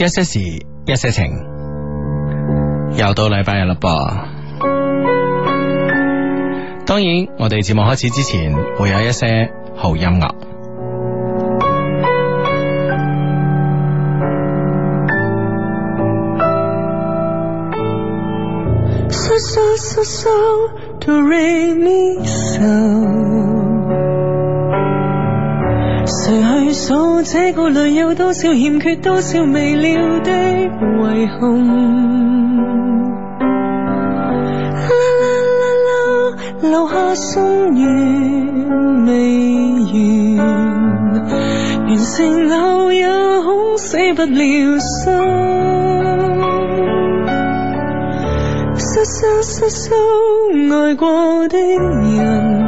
一些事，一些情，又到禮拜日啦噃。當然，我哋節目開始之前會有一些好音樂。So, so, so, so, so, 這個裏有多少欠缺，多少未了的遺憾。La la la la 留下心願未完，完成後也恐死不了心。收收收收，愛過的人。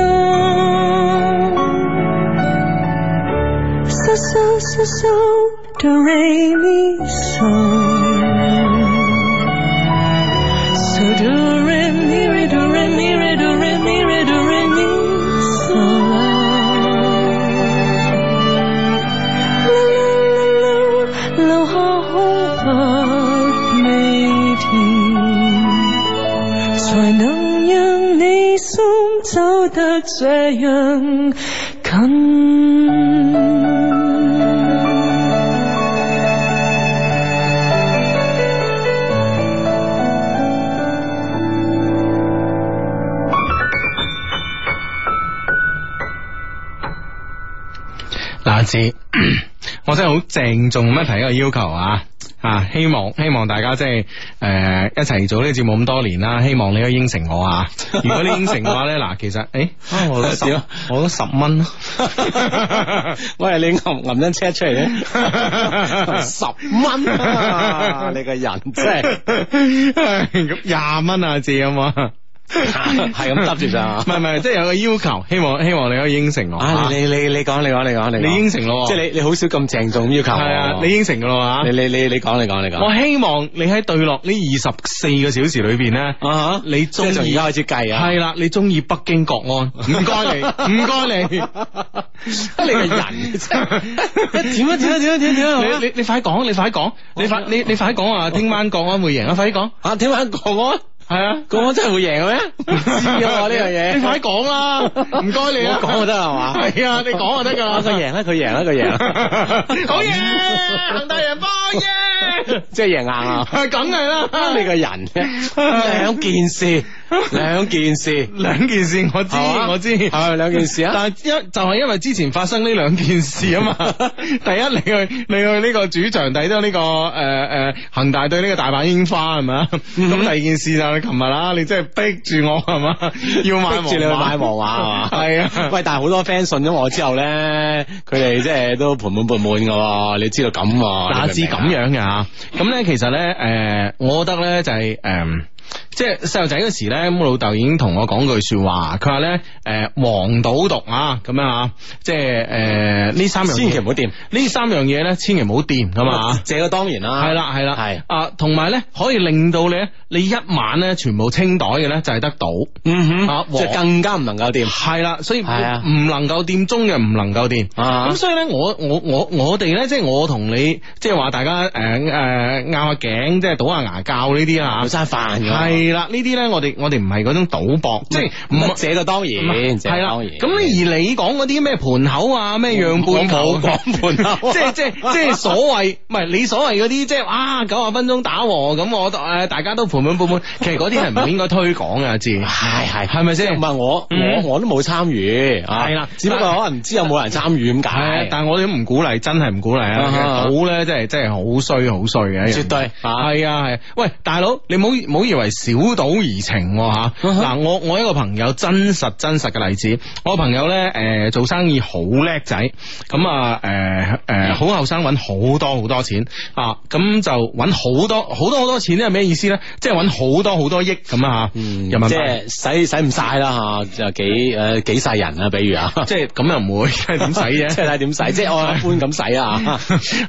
仲咩提個要求啊？啊希望希望大家即係誒一齊做呢個節目咁多年啦，啊，希望你可以應承我啊！如果你應承嘅話咧，嗱， 其實誒，我攞十，我都十蚊咯，我係、啊、 你揞揞張車出嚟咧， 十蚊，啊！你個人真係咁廿蚊啊，借啊嘛！係咁答住咋？唔係唔係，即係有個要求，希望希望你可以應承我。你你你講，你講，你講，你應承咯。即係你你好少咁鄭重咁要求。係啊，你應承噶啦嘛。你你你你講，你講，你講。我希望你喺對落呢二十四個小時裏邊咧，你中意即係從而家開始計啊。係啦，你中意北京國安？唔該你，唔該你。你係人，點啊點啊點啊點啊點啊！你你快啲講，你快啲講，你快你你快啲講啊！聽晚國安會贏啊！快啲講啊！聽晚國安。係啊，咁我真係會贏嘅咩？唔知啊，呢樣嘢，快講啦！唔該你，啊、講看、啊、就得啦，係嘛？係啊，你講就得噶啦。佢贏啦，佢贏啦，佢贏啦，好嘢，恒大贏幫耶！即係贏硬啊！係咁嘅啦，你個人兩、啊 啊、件事。兩件事，兩件事，我知我知，係兩件事啊！但係因就係因為之前發生呢兩件事啊嘛， 第一，你去你去呢個主場睇咗呢個誒誒恒大對呢個大阪櫻花係咪啊？咁第二件事就係你琴日啦，你真係逼住我係嘛 teasing me， 要逼住你去買黃畫，係啊！喂，但係好多 fans 信咗我之後咧，佢哋即係都盆滿缽滿噶，你知道咁，哪知咁樣嘅啊？咁咧其實咧誒，我覺得咧就係誒。即係細路仔嗰時咧，咁我老豆已經同我講句說話，佢話咧，誒，黃賭毒啊，咁樣啊，即係誒呢三樣，千祈唔好掂。呢三樣嘢咧，千祈唔好掂咁啊，借個當然啦，係啦係啦，係啊，同埋咧可以令到你咧，你一晚咧全部清袋嘅咧就係得賭，嗯哼，就更加唔能夠掂。係啦，所以唔能夠掂中嘅唔能夠掂。咁所以咧，我我我我哋咧，即係我同你，即係話大家誒誒拗下頸，即係賭下牙教呢啲啊，食晒飯係啦，呢啲咧，我哋我哋唔係嗰種賭博，即係唔借就當然係啦。咁而你講嗰啲咩盤口啊，咩讓半盤，即係即係即係所謂唔係你所謂嗰啲即係啊九十分鐘打和咁，我誒大家都盤滿缽滿，其實嗰啲係唔應該推廣嘅，知係係係咪先？唔係我我我都冇參與，係啦，只不過可能知有冇人參與咁解。但係我哋都唔鼓勵，真係唔鼓勵啊！賭咧真係真係好衰好衰嘅，絕對係係。喂，大佬，你唔好唔好以為。小賭怡情吓，嗱，我我一個朋友真實真實嘅例子。我個朋友咧誒、呃，做生意好叻仔咁誒誒，好後生揾好多好多錢咁、啊、就揾好多好多好多錢咧，係咩意思咧？即係揾好多好多億咁啊？嗯，又唔即係使使唔晒啦吓，就幾誒、呃、幾晒人啊。比如啊， 即係咁又唔會，即係點使啫？即係點使，即係我一般咁使啊。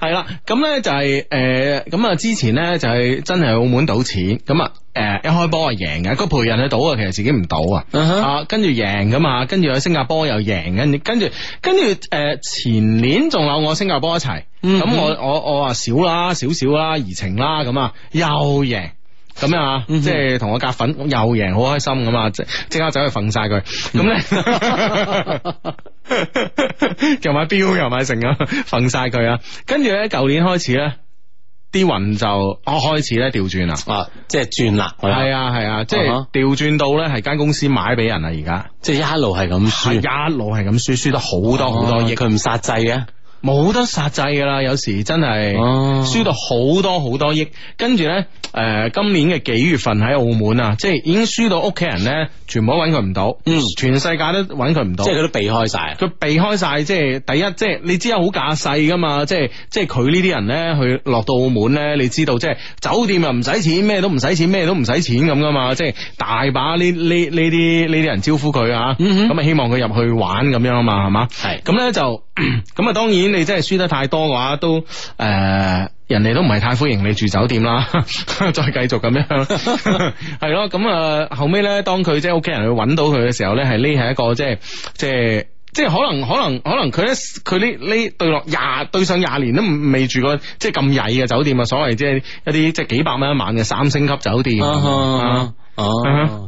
係 啦， 咁咧就係誒咁之前咧就係、是、真係澳門賭錢咁。 誒、呃，一開波啊贏嘅，個陪人去賭啊，其實自己唔賭、uh huh. 啊，啊跟住贏噶嘛，跟住喺新加坡又贏，跟跟住跟住誒前年仲有我新加坡一齊，咁、uh huh. 我我我話少啦，少少啦，怡情啦，咁啊又贏，咁樣啊，即係同我夾份又贏，好開心咁啊，即刻走去瞓晒佢，咁咧又買標又買成啊，瞓晒佢，啊。Uh huh. 跟住咧舊年開始咧。啲雲就啊開始咧調轉啦，啊即係轉啦，係啊係啊，即係調轉到咧係間公司買俾人啊。而家、啊，即係一路係咁輸，一路係咁輸，輸得好多好多億，佢唔殺制嘅。冇得殺滯噶啦，有時真係輸到好多好多億，跟住咧誒，今年嘅幾月份喺澳門啊，即係已經輸到屋企人咧，全部都搵佢唔到，嗯，全世界都搵佢唔到，即係佢都避開晒，佢避開晒，即係第一，即係你知有好架勢噶嘛，即係即係佢呢啲人咧，去落到澳門咧，你知道即係酒店又唔使錢，咩都唔使錢，咩都唔使錢咁噶嘛，即係大把呢呢呢啲呢啲人招呼佢啊，咁啊、嗯、哼希望佢入去玩咁樣啊嘛，係嘛、嗯哼，係，咁咧就咁啊，當然。當然你真係輸得太多嘅話，都誒、呃，人哋都唔係太歡迎你住酒店啦。再繼續咁樣，係咯。咁啊，後尾咧，當佢即係屋企人去揾到佢嘅時候咧，係匿喺一個、就是就是、即係即係即係可能可能可能佢咧，佢呢呢對落廿對上廿年都未住過即係咁曳嘅酒店啊，所謂即係一啲即係幾百蚊一晚嘅三星級酒店啊。哦，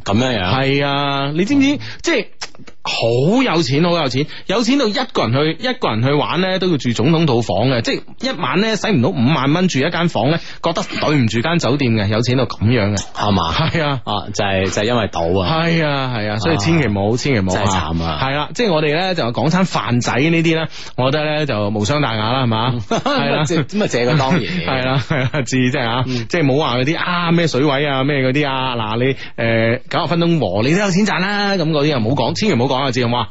咁樣樣係啊，你知唔知、啊、即係？即好有錢，好有錢，有錢到一個人去，一個人去玩咧，都要住總統套房嘅，即係一晚咧使唔到五萬蚊住一間房咧，覺得對唔住間酒店嘅，有錢到咁樣嘅，係嘛？係啊，就係就係因為賭啊，係啊係啊，所以千祈唔好，千祈唔好，真係慘啊，係啦，即係我哋咧就講餐飯仔呢啲咧，我覺得咧就無傷大雅啦，係嘛？咁啊借個當然，係啦係啊。至於即係啊，即係冇話嗰啲啊咩水位啊咩嗰啲啊，嗱你誒九十分鐘和你都有錢賺啦，咁嗰啲又唔好講，千祈唔好講。講下知好嘛？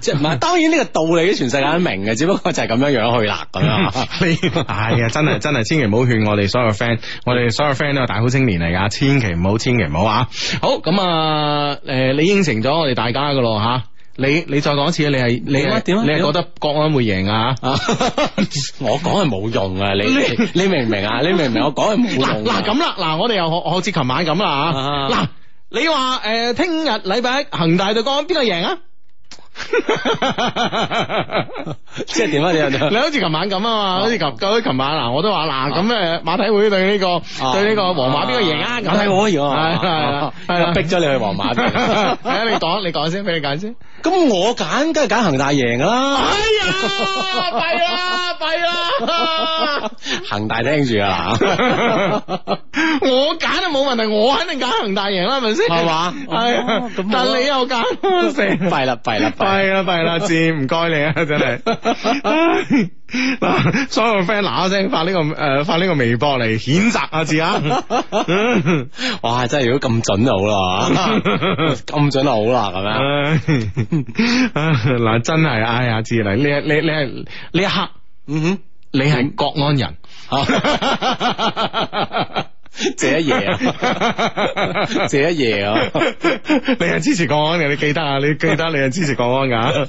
即係唔係？當然呢個道理，全世界都明嘅， 只不過就係咁樣樣去啦咁啊！呢係啊，真係真係，千祈唔好勸我哋所有 friend， 我哋所有 friend 都係大好青年嚟噶，千祈唔 好，千祈唔好啊！好咁誒，你應承咗我哋大家噶咯吓，你你再講一次，你係你係你係覺得國安會贏啊？ 我講係冇用啊！你你，你明唔明啊？你明唔明我、啊 啊啊啊？我講係冇用。嗱咁啦，嗱我哋又好好似琴晚咁啦吓，嗱、啊。啊你話誒，聽日禮拜一恒大對港邊個贏啊？即係點啊你？你好似琴晚咁啊嘛，好似琴琴晚嗱，我都話嗱咁誒，馬體會對呢個對呢個皇馬邊個贏啊？咁體會而家逼咗你去皇馬，你講你講先，俾你揀先。咁我揀梗係揀恒大贏㗎啦。哎呀，弊啦弊啦！恒大聽住啊！我揀都冇問題，我肯定揀恒大贏啦，係咪先？係嘛？係。但你又揀？弊啦弊啦！係啦，係啦，志，唔該你啊，真係。嗱，所有 friend 嗱一聲發呢個誒，發呢個微博嚟譴責阿、啊、志啊！ 哇，真係如果咁準就好啦，咁 準就好啦，咁樣。嗱，真係，哎呀，志嚟，你你你係呢一刻，嗯哼，你係國安人。 謝一爺啊，謝 一爺啊！ 你係支持國安嘅，你記得啊，你記得你係支持國安噶。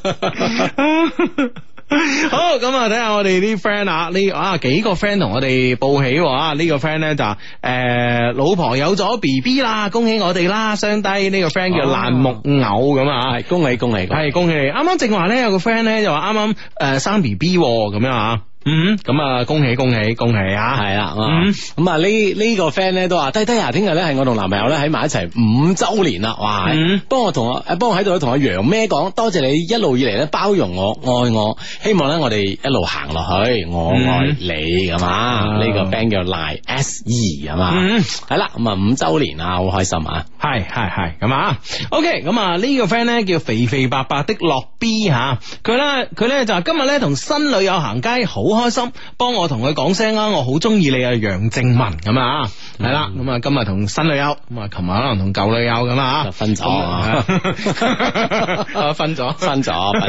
好，咁啊，睇下我哋啲 friend 啊，呢啊幾個 friend 同我哋報喜，呢個 friend 咧就誒，老婆有咗 B B 啦，恭喜我哋啦！相低呢個 friend 叫爛木偶咁啊、哦，恭喜恭喜，係恭喜你！啱啱正話咧有個 friend 咧就話啱啱誒生 B B 咁樣啊。嗯，咁恭喜恭喜恭喜，恭喜恭喜啊，係啦了，咁呢呢個 friend 咧都話，睇睇下，聽日咧係我同男朋友咧喺埋一齊五周年啦，哇，幫、mm hmm. 我同我，幫我喺度同阿楊咩講，多謝你一路以嚟咧包容我、愛我，希望咧我哋一路行落去，我愛你咁、mm hmm. 啊，呢個 band 叫賴 S E 啊嘛，係、hmm. 啦、嗯，咁、嗯嗯嗯、五周年啊，好開心，hmm. 啊，係係係咁，OK，咁、嗯、呢、呢個 friend 咧叫肥肥白白的落 B 吓、啊，佢咧佢咧就話今日咧同新女友行街好。開心，幫我同佢講聲啊，我好中意你啊，楊靜文咁啊，係啦，咁今日同新女友，咁、嗯、啊，琴晚可能同舊女友咁啊，分咗，啊，分咗，分咗，分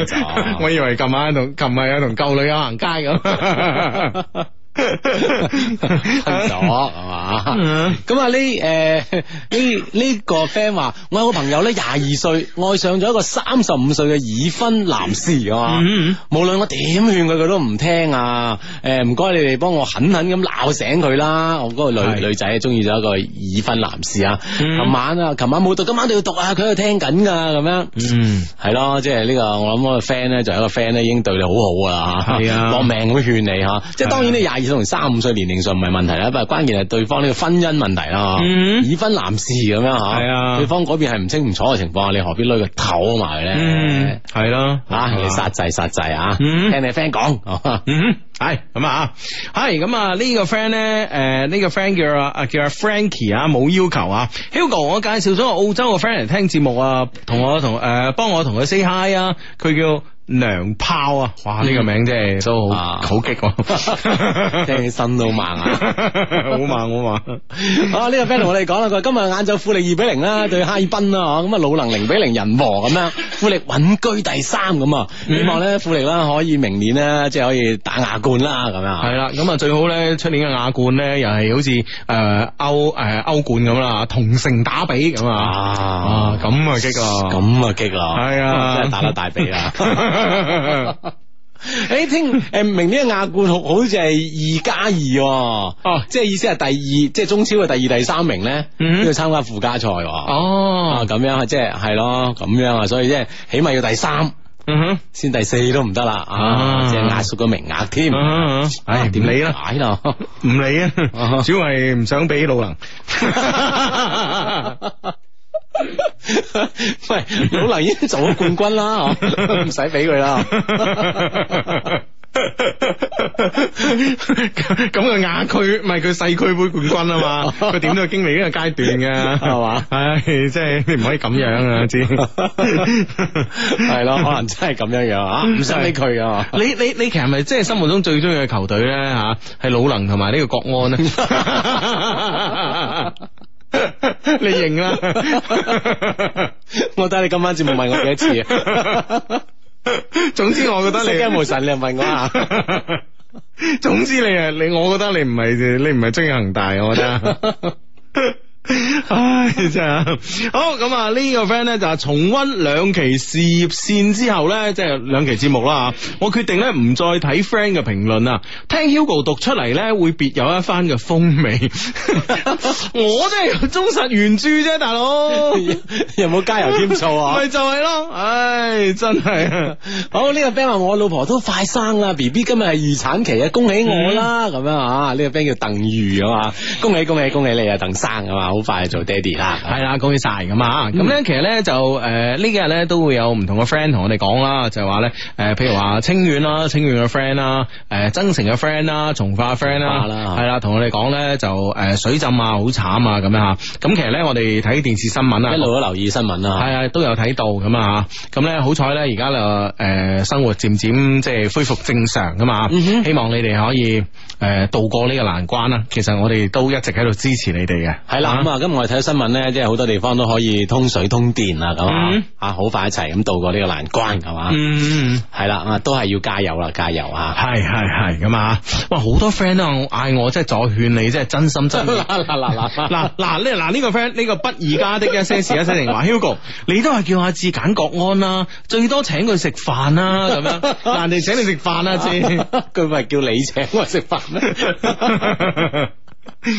咗，我以為琴晚同琴晚啊同舊女友行街咁。 分咗係嘛？咁啊呢？誒呢呢個 friend 話我有個朋友咧廿二歲愛上咗一個三十五歲嘅已婚男士啊嘛！無論我點勸佢，佢、嗯、都唔聽。誒、嗯，唔該你哋幫我狠狠咁鬧醒佢啦！我嗰個女是女仔中意咗一個已婚男士啊！琴、嗯、晚啊，琴晚冇讀，今晚都要讀，佢喺度聽緊噶咁樣。嗯，係咯，即係呢個我諗我個 friend 咧，就係一個 friend 咧已經對你好好啦吓，係啊，搏命咁勸你吓，即係當然你廿。同三五歲年齡上唔係問題啦，但係關鍵係對方呢個婚姻問題啦，已婚男士咁樣嗬，係啊，對方嗰邊係唔清唔楚嘅情況，你何必攞佢頭埋咧？係咯，吓你殺債殺債啊！聽你 friend 講，嗯，係咁啊，係咁啊，呢個 friend 咧，誒，呢個 friend 叫阿叫阿 Frankie 啊，冇要求啊，Hugo，我介紹咗個澳洲個 friend 嚟聽節目，啊，同我同誒幫我同佢 say hi 啊，佢叫。娘炮啊！哇，呢個名真係都好激，聽起身都好猛，好猛好猛啊！呢個 friend 同我哋講啦，佢今日晏晝富力二比零啦，對哈爾濱啊，咁啊魯能零比零人和咁樣，富力穩居第三咁，希望咧富力啦可以明年呢，即係可以打亞冠啦，咁樣係啦，咁啊最好咧出年嘅亞冠咧又係好似誒歐誒歐冠咁啦，同城打比咁啊，咁啊激啊，咁啊激啊，係啊，真係打得大比啊！誒，聽誒，明呢個亞冠好似係二加二哦，即係意思係第二，即係中超嘅第二、第三名咧都要參加附加賽哦。哦，咁樣即係係咯，咁樣，所以即係起碼要第三，先第四都唔得啦。啊，即係亞足嘅名額添。唉，點理啦？唔理啊，主要唔想俾魯能。 喂，魯能已經做咗冠軍啦，唔使俾佢啦。咁嘅亞區，咪佢世區盃冠軍啊嘛？佢點 都要經歷呢個階段嘅，係嘛、 哎？唉、就是，即係你唔可以咁樣啊！知係咯， 可能真係咁樣樣啊？唔使俾佢啊！你你你其實係咪即係心目中最中意嘅球隊咧？吓，係魯能同埋呢個國安咧？ 你認啦了， 我睇你今晚節目問我幾多次啊。 總之我覺得你驚無神，你嚟問我啊。總之你係，你我覺得你唔係你唔係中意恒大，我覺得。 唉，真係好咁啊！這這個呢個 friend 咧就係、是、重溫兩期事業線之後咧，即係兩期節目啦。我決定咧唔再睇 friend 嘅評論，聽 Hugo 讀出嚟咧會別有一番嘅風味。 我真係忠實原著啫，大佬有冇加油添醋啊？咪 就係咯，唉，真係好呢、這個 friend 話我老婆都快生啦，BB 今日係預產期啊！恭喜我啦，咁樣啊！呢、這個 friend 叫鄧裕啊嘛，恭喜恭喜恭喜你啊，鄧生啊嘛！好快做爹哋啦，係啦，恭喜晒咁啊！咁咧，其實咧就誒呢幾日咧都會有唔同嘅 friend 同我哋講啦，就係話咧誒，譬如話清遠啦、清遠嘅 friend 啦、誒增城嘅 friend 啦、從化嘅 friend 啦，係啦，同我哋講咧就誒水浸啊，好慘啊咁樣嚇！咁其實咧，我哋睇電視新聞啊，一路都留意新聞啊，係啊，都有睇到咁啊！咁咧好彩咧，而家就誒生活漸漸即係恢復正常噶嘛，嗯哼，希望你哋可以誒渡過呢個難關啦。其實我哋都一直喺度支持你哋嘅，係啦。咁我睇新聞咧，即係好多地方都可以通水通電啊。咁啊，好快一齊咁度過呢個難關，係嘛、嗯？嗯，係、嗯、啦，都係要加油啦，加油啊！係係係咁啊！嗯、哇，好多 friend 都嗌我，即係再勸你，即係真心真意嗱嗱咧，嗱呢 個 friend，呢、這個不二家的阿 Sister 話，Hugo，你都係叫阿志揀國安啦，最多請佢食飯啦，咁樣嗱，人哋 請你食飯啊，先佢咪 叫你請我食飯咩？ 呢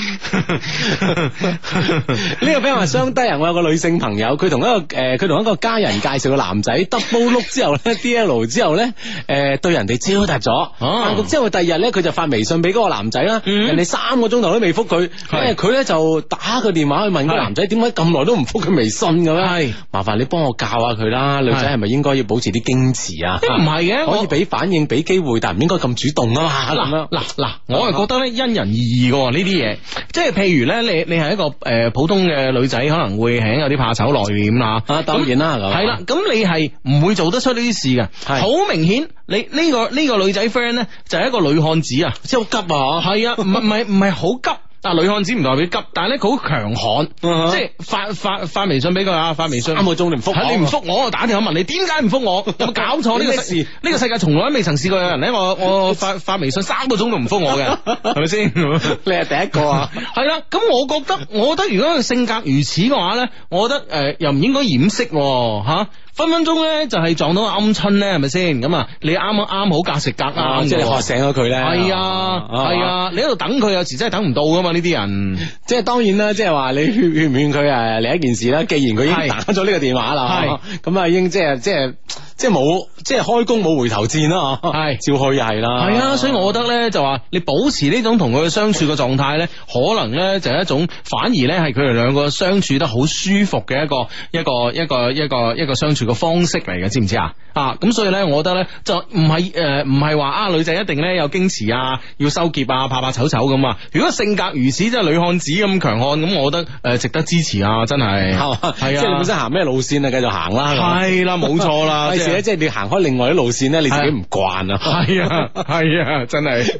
個比較雙低人。我有個女性朋友，佢同一個誒，佢同一個家人介紹個男仔，double look 之後，D L 之後咧，誒對人哋招達咗，之後第二日咧佢就發微信俾嗰個男仔啦，人哋三個鐘頭都未復佢，佢咧就打個電話去問個男仔點解咁耐都唔復佢微信嘅咧？係麻煩你幫我教下佢啦，女仔係咪應該要保持啲矜持啊？唔係嘅，可以俾反應，俾機會，但唔應該咁主動啊嘛。嗱嗱我係覺得咧因人而異嘅呢啲嘢。即係譬如咧，你你係一個誒普通嘅女仔，可能會係有啲怕醜內斂啊，那當然啦咁。係啦了，咁你係唔會做得出呢啲事噶。係好是明顯你呢個呢個女仔 friend 咧就係一個女漢子啊，即係好急啊，係啊，唔係唔係唔係好急。但係女漢子唔代表急，但係咧佢好強悍，啊、哈 即係發發發微信俾佢啊！發微信，發微信三個鐘你唔復我，我，你唔復我，我打電話問你點解唔復我？有冇搞錯呢個實事？呢個世界從來都未曾試過有人咧，我我發發微信三個鐘都唔復我嘅，係咪先？ 你係第一個啊！ 係啦，咁我覺得，我覺得如果佢性格如此嘅話咧，我覺得誒又唔應該掩飾吓。呃呃呃呃呃呃呃呃分分鐘咧就係、是、撞到個鵪鶉咧，係咪先？咁啊，啊，你啱啱好隔食隔啱，即係你學醒咗佢咧。係啊，係啊，你喺度等佢，有時真係等唔到噶嘛？呢啲人，即係當然啦，即係話你勸勸唔勸佢啊。另一件事啦，既然佢已經打咗呢個電話啦，係咁啊，已經即係即係。即係冇，即係開弓冇回頭箭啦，係照去又係啦，係啊，所以我覺得咧就話你保持呢種同佢相處嘅狀態咧，可能咧就係一種反而咧係佢哋兩個相處得好舒服嘅一個一個一個一個一個相處嘅方式嚟嘅，知唔知啊？啊，咁所以咧，我覺得咧就唔係誒，唔係話啊女仔一定咧有矜持啊，要收結啊，拍拍醜醜咁啊。如果性格如此，即係女漢子咁強悍，咁我覺得誒值得支持啊，真係係，即係你本身行咩路線啊，繼續行啦，係啦，冇錯啦，而且即係你行開另外啲路線咧，你自己唔慣啊！係啊，係啊，真係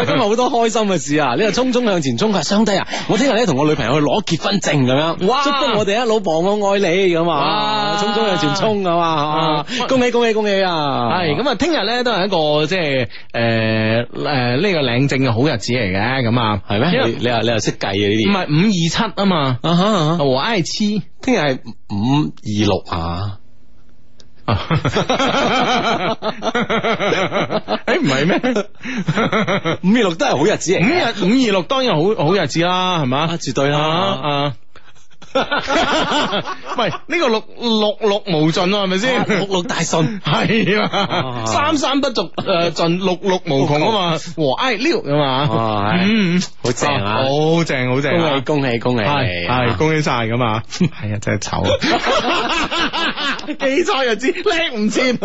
今日好多開心嘅事啊！你又匆匆向前衝，相睇啊，我聽日咧同我女朋友去攞結婚證咁樣，哇！祝福我哋啊，老婆我愛你咁啊！匆匆向前衝啊嘛！恭喜恭喜恭喜！啊！係咁啊，聽日咧都係一個即係誒誒呢個領證嘅好日子嚟嘅，咁啊，係咩？你又你又識計啊？呢啲唔係五二七啊嘛，啊哈，我 I 七，聽日係五二六啊。啊！哎、 欸，唔係咩？五 月六都係好日子，五 月五二六當然好好日子啦，係嘛？絕對啦。 uh 喂，呢個六六六無盡係咪先？六六大順係啊！三三不足，誒盡六六無窮啊嘛，和愛了嘛。嗯，好正，好正，好正，恭喜恭喜恭喜，係恭喜晒咁啊！係啊，真係醜。記錯又知，叻唔簽。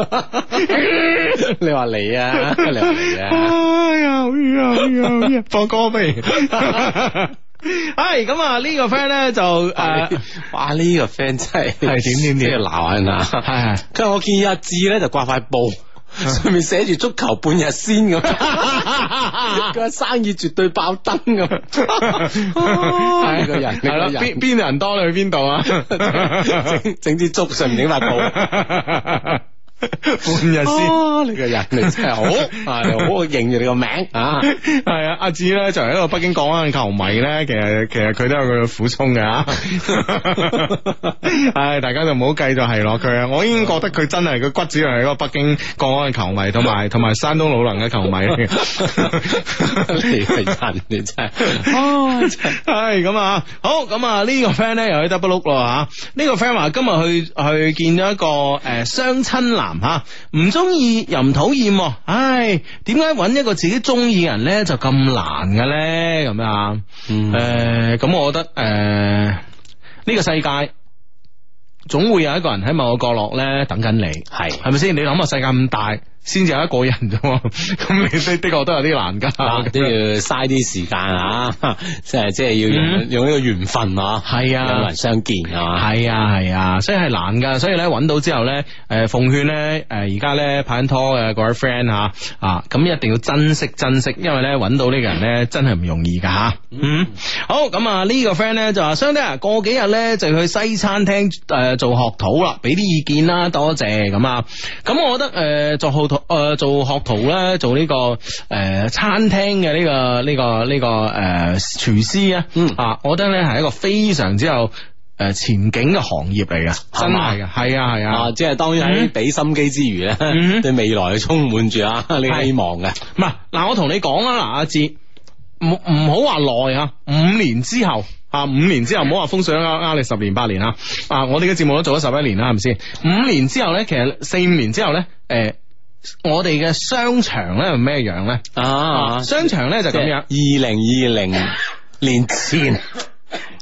你話你啊？你話你啊？哎呀，哎呀，哎呀！放歌未？係咁啊，呢個 friend 咧就誒，哇！呢個 friend 真係係點點點，即係鬧人啊！係佢話我建議阿志咧就掛塊布，上面寫住足球半日先咁，個生意絕對爆燈咁。係個人，係咯，邊度人多你去邊度啊？整整支竹上面整塊布。半日先、哦，你個人你真係好係 好認住你個名啊！係阿志咧，就一係、啊、一個北京國安嘅球迷咧。其實其實佢都有個苦衷嘅。唉、啊一，大家就唔好計就係落佢啊！我已經覺得佢真係個骨子係一個北京國安嘅球迷，同埋同埋山東魯能嘅球迷、啊、一一你，你真嘅、啊、一真。哦、哎，係咁啊！好咁啊，呢、這個 friend 咧又喺 double look 咯吓。呢、啊這個 friend 話今日去去見咗一個誒相親男。啊吓，唔中意又唔討厭，唉，點解揾一個自己中意嘅人咧就咁難嘅咧？咁樣啊，誒、呃，咁我覺得誒，呢、呃呢個世界總會有一個人喺某個角落咧等緊你，係係咪先？你諗下，世界咁大。先至有一個人啫，咁你都的確都有啲難噶，都要嘥啲時間啊，即係即係要用用呢個緣分，啊，係啊，有人相見啊，係啊係啊，所以係難噶，所以咧揾到之後咧，誒、呃、奉勸咧，誒而家咧拍緊拖嘅各位 friend 吓啊咁、啊、一定要珍惜珍惜，因為咧揾到呢個人咧真係唔容易噶吓。啊、嗯，好，咁呢個 friend 咧就話，兄弟啊過幾日咧就去西餐廳誒做學徒啦，俾啲意見啦，多謝咁，咁我覺得誒做、呃、學徒。誒、呃，做學徒咧，做呢、這個誒、呃、餐廳嘅呢個呢、這個呢、這個誒、呃、廚師啊，嗯啊，我覺得咧係一個非常之有誒前景嘅行業嚟㗎，係嗎啊係啊，啊，即係當然喺俾心機之餘咧，嗎 對未來充滿住啊。希望嘅。唔係嗱，我同你講啦，嗱阿志，唔唔好話耐啊，五年之後啊，五年之後唔好話封上呃，你十年八年啊，我哋嘅節目都做咗十一年啦，係咪先？五、啊、年之後咧，其實四五年之後咧，誒。啊我哋嘅商場咧，係咩樣咧？啊，商場咧就咁樣，二零二零年前。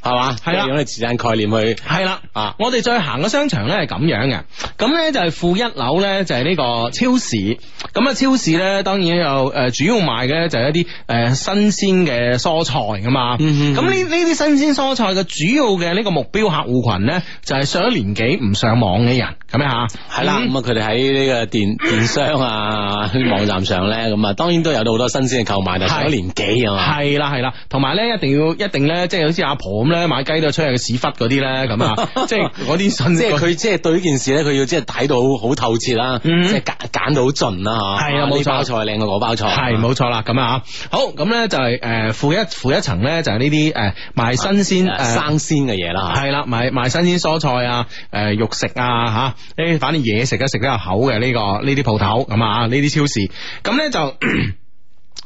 係嘛？係用個時間概念去。係啦，啊！我哋再行個商場咧係咁樣嘅，咁咧就係負一樓咧就係呢個超市。咁啊，超市咧當然有誒，主要賣嘅就係一啲誒新鮮嘅蔬菜噶嘛。咁呢呢啲新鮮蔬菜嘅主要嘅呢個目標客戶群咧，就係上咗年紀唔上網嘅人咁樣吓。係啦，咁啊，佢哋喺呢個電電商啊，啲網站上咧，咁啊，當然都有到好多新鮮嘅購買，但係上咗年紀啊嘛。係啦係啦，同埋咧一定要一定咧，即係好似阿婆咁咧買雞都出去屎忽嗰啲咧，咁啊，即係嗰啲信，即係佢即係對呢件事咧，佢要即係睇到好透徹啦，即係揀揀到好盡啦，吓係啊，冇錯錯，呢包菜靚過嗰包菜，係冇錯啦。咁啊，好，咁咧就係誒負一負一層咧，就係呢啲誒賣新鮮生鮮嘅嘢啦，係啦，賣賣新鮮蔬菜啊，誒肉食啊吓，誒反正嘢食咧食得入口嘅呢個呢啲鋪頭咁啊，呢啲超市，咁、啊、咧就。嗯嗯啊嗯嗯嗯就嗯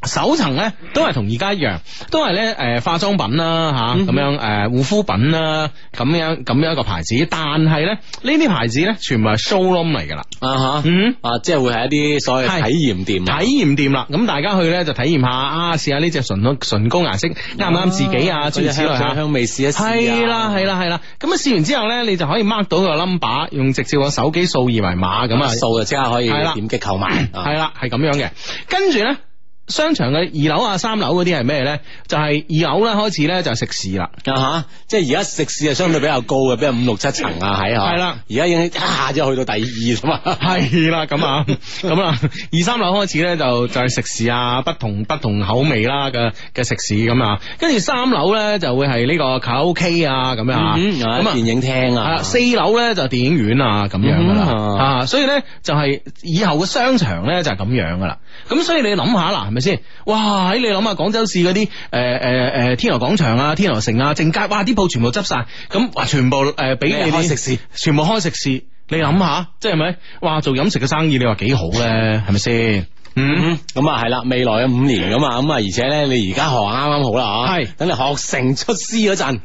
首層咧都係同而家一樣，都係咧誒化妝品啦吓咁樣誒護膚品啦咁、啊、樣咁樣一個牌子，但係咧呢啲牌子咧全部係 showroom 嚟噶啦吓，啊即係會係一啲所謂體驗店，體驗店啦，咁大家去咧就體驗下，啊、試下呢隻唇唇膏顏色啱唔啱自己啊，最次啊，香味試一試係啦係啦係啦，咁啊試完之後咧你就可以 mark 到個 number，用直接個手機掃二維碼咁掃就即刻可以點擊購買，係啦係咁樣嘅，跟住咧。啊 啊啊商場嘅二樓，就是，啊、三樓嗰啲係咩咧？就係二樓咧開始咧就係食肆啦，吓！即係而家食肆係相對比較高嘅，比如五六七層啊，係啊的。係啦，而家已經一下就去到第二啦啊，係啦，咁啊，咁啊，二三樓開始咧就就係食肆啊，不同不同口味啦嘅嘅食肆。咁。啊，跟住三樓咧就會係呢個卡拉 OK 啊咁樣啊，咁、嗯啊、電影廳啊。四樓咧就電影院啊咁樣噶、啊、啦，嗯、啊，啊，所以咧就係以後嘅商場咧就係咁樣噶啦。咁所以你諗下啦。先哇，喺你諗下廣州市嗰啲誒誒誒，天河廣場啊，天河城啊，正佳，哇，啲鋪全部執晒，咁話全部誒俾你開食肆，全部、呃、開食肆。你諗下，即係咪？哇，做飲食嘅生意你，你話幾好咧，係咪先？ 嗯，咁啊係啦，未來嘅五年咁啊，咁啊，而且咧，你而家學啱啱好啦，係，等你學成出師嗰陣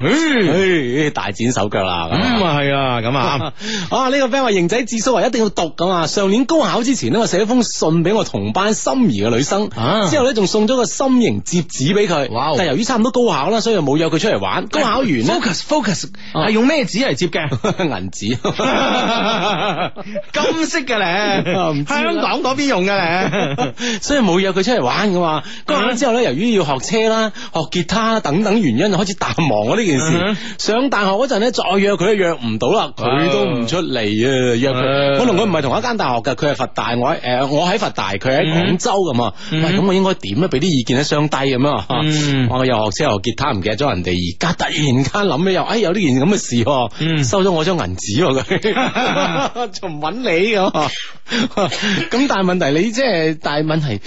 唉，大展手腳啦，咁啊係咁啊， 啊呢、這個 friend 話型仔字叔話一定要讀咁嘛。啊這個 啊這個」上年高考之前呢，我寫咗封信俾我同班心儀嘅女生，之後咧仲送咗個心形折紙俾佢，但由於差唔多高考啦，所以冇約佢出嚟玩。高考完，focus focus 係用咩紙嚟折嘅？銀 紙，哈哈 金色嘅咧，香港嗰邊用嘅咧。 所以冇約佢出嚟玩噶嘛，咁 r 之後咧，由於要學車啦、學吉他等等原因，就開始淡忘我呢件事。Uh huh. 上大學嗰陣咧，再約佢、uh huh. 都約唔到啦，佢都唔出嚟啊！約佢，可能佢唔係同一間大學噶，佢係佛大，我誒我喺佛大，佢喺廣州咁啊。咁、uh huh. 我應該點啊？俾啲意見咧，相低咁啊？Uh huh. 我又學車學吉他，唔記得咗人哋。而家突然間諗起又，哎，有呢件咁嘅事、啊，uh huh. 收咗我張銀紙，佢就唔揾你咁、啊。咁但係問題你即、就、係、是。大問題，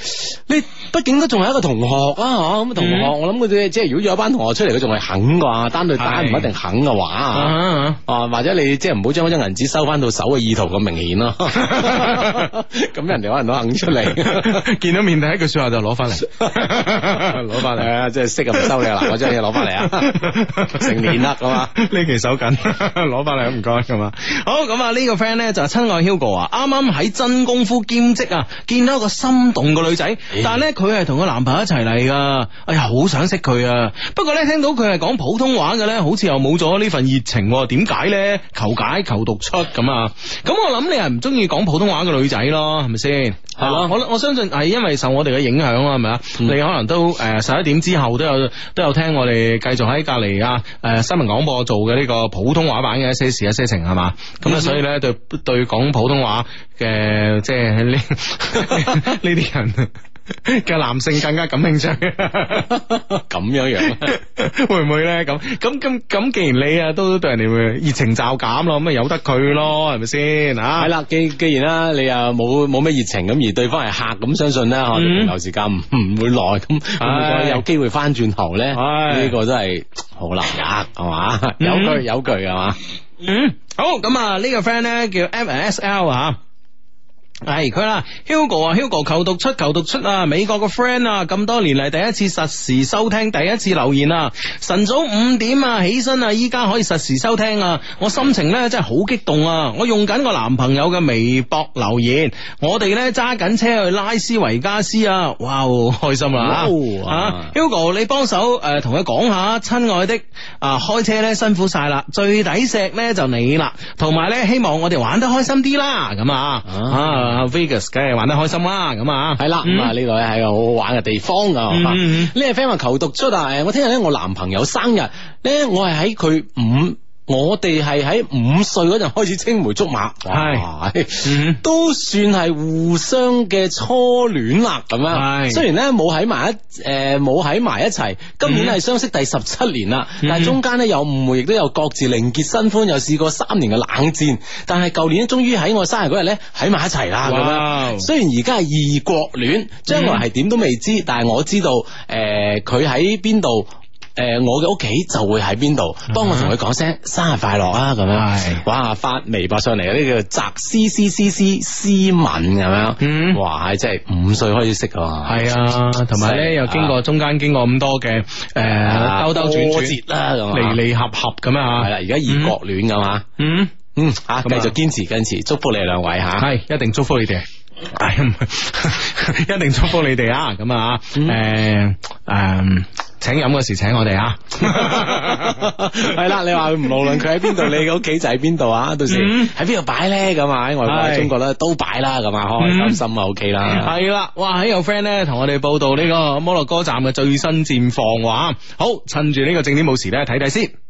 你畢竟都仲係一個同學啊，咁同學，我諗佢哋即係如果有一班同學出嚟，佢仲係肯嘅話，單對單唔一定肯嘅話，啊或者你即係唔好將嗰張銀紙收翻到手嘅意圖咁明顯咯，咁人哋可能都肯出嚟，見到面第一句說話就攞翻嚟，攞翻嚟，啊，即係識唔收你嗱，我將嘢攞翻嚟啊，成年啦，啊嘛呢期手緊，攞翻嚟唔該，咁啊好，咁啊，呢個 friend 咧就係親愛 Hugo 啊，啱啱喺真功夫兼職啊，見到個新。心動個女仔，但係咧佢係同個男朋友一齊嚟噶，哎呀好想識佢啊！不過咧聽到佢係講普通話嘅咧，好似又冇咗呢份熱情，點解咧？求解求讀出咁啊！咁我諗你係唔中意講普通話嘅女仔咯，係咪先？係咯、啊，好，我，我相信係因為受我哋嘅影響啊，係咪啊？嗯、你可能都誒十一點之後都有都有聽我哋繼續喺隔籬誒新聞廣播做嘅呢個普通話版嘅《一些事一些情》係嘛？咁啊、嗯，所以咧對對講普通話。嘅，即係呢呢啲人嘅男性更加感興趣，咁 樣子 會會樣會唔會咧？咁咁咁咁，既然你啊都對人哋熱情驟減咯，咁咪由得佢咯，係咪先啊？係啦，既既然啦，你啊冇冇咩熱情，咁而對方係客，咁相信咧，停留時間唔唔會耐，咁唉有機會翻轉頭咧，呢、hmm. 個真係好難噶，係嘛？ 有句有句係嘛，嗯，mm hmm. 好咁啊，呢個 friend 咧叫 M S L 啊。係佢、哎、啦，Hugo 啊，Hugo 求讀出求讀出啊！美國個 friend 啊，咁多年嚟第一次實時收聽，第一次留言啊！晨早五點起身，啊，依家、啊、可以實時收聽、啊，我心情咧真係好激動啊！我用緊個男朋友嘅微博留言，我哋咧揸緊車去拉斯維加斯啊！哇哦，開心啦吓、啊哇啊、！Hugo，你幫手誒，同、呃、佢講下，親愛的，啊，開車咧辛苦晒啦，最抵錫咧就你啦，同埋咧希望我哋玩得開心啲啦，咁啊。啊啊啊啊、uh,，Vegas 梗係玩得開心啦、啊，咁啊係啦，咁啊呢度咧係個好好玩嘅地方噶，嗯嗯嗯啊，呢位 friend 話求讀出啊，我聽日咧我男朋友生日咧，我係喺佢五。我哋係喺五歲嗰陣開始青梅竹馬，係是都算係互相嘅初戀啦，咁樣。是雖然呢冇喺埋一，誒冇喺埋一齊。今年係相識第十七年啦，嗯、但係中間呢有誤會，亦都有各自另結新歡，又試過三年嘅冷戰。但係舊年終於喺我生日嗰日呢喺埋一齊啦。咁樣哇，雖然而家係異國戀，將來係點都未知，嗯、但係我知道，誒佢喺邊度。誒，我嘅屋企就會喺邊度，幫我同佢講聲生日快樂啊，咁樣，哇，發微博上嚟嗰啲叫集思思思思思文咁樣，嗯，哇，真係五歲開始識噶，係啊，同埋咧又經過中間經過咁多嘅誒兜兜轉轉啦，咁離離合合咁啊，係啦，而家異國戀噶嘛，嗯嗯，咁咪就堅持堅持，祝福你兩位吓，係，一定祝福你哋。哎， 一定祝福你哋啊！咁啊，誒、啊、誒，請飲嘅時請我哋啊。係 啦， 你話唔無論佢喺邊度， 你嘅屋企就喺邊度啊！到時喺邊度擺咧咁啊？喺外國喺中國咧都擺啦，咁啊是，開 好心啊，O K 啦。係啦，哇！喺有 friend 咧同我哋報道呢個摩洛哥站嘅最新戰況話，啊，好趁住呢個正點冇時咧睇睇先看看。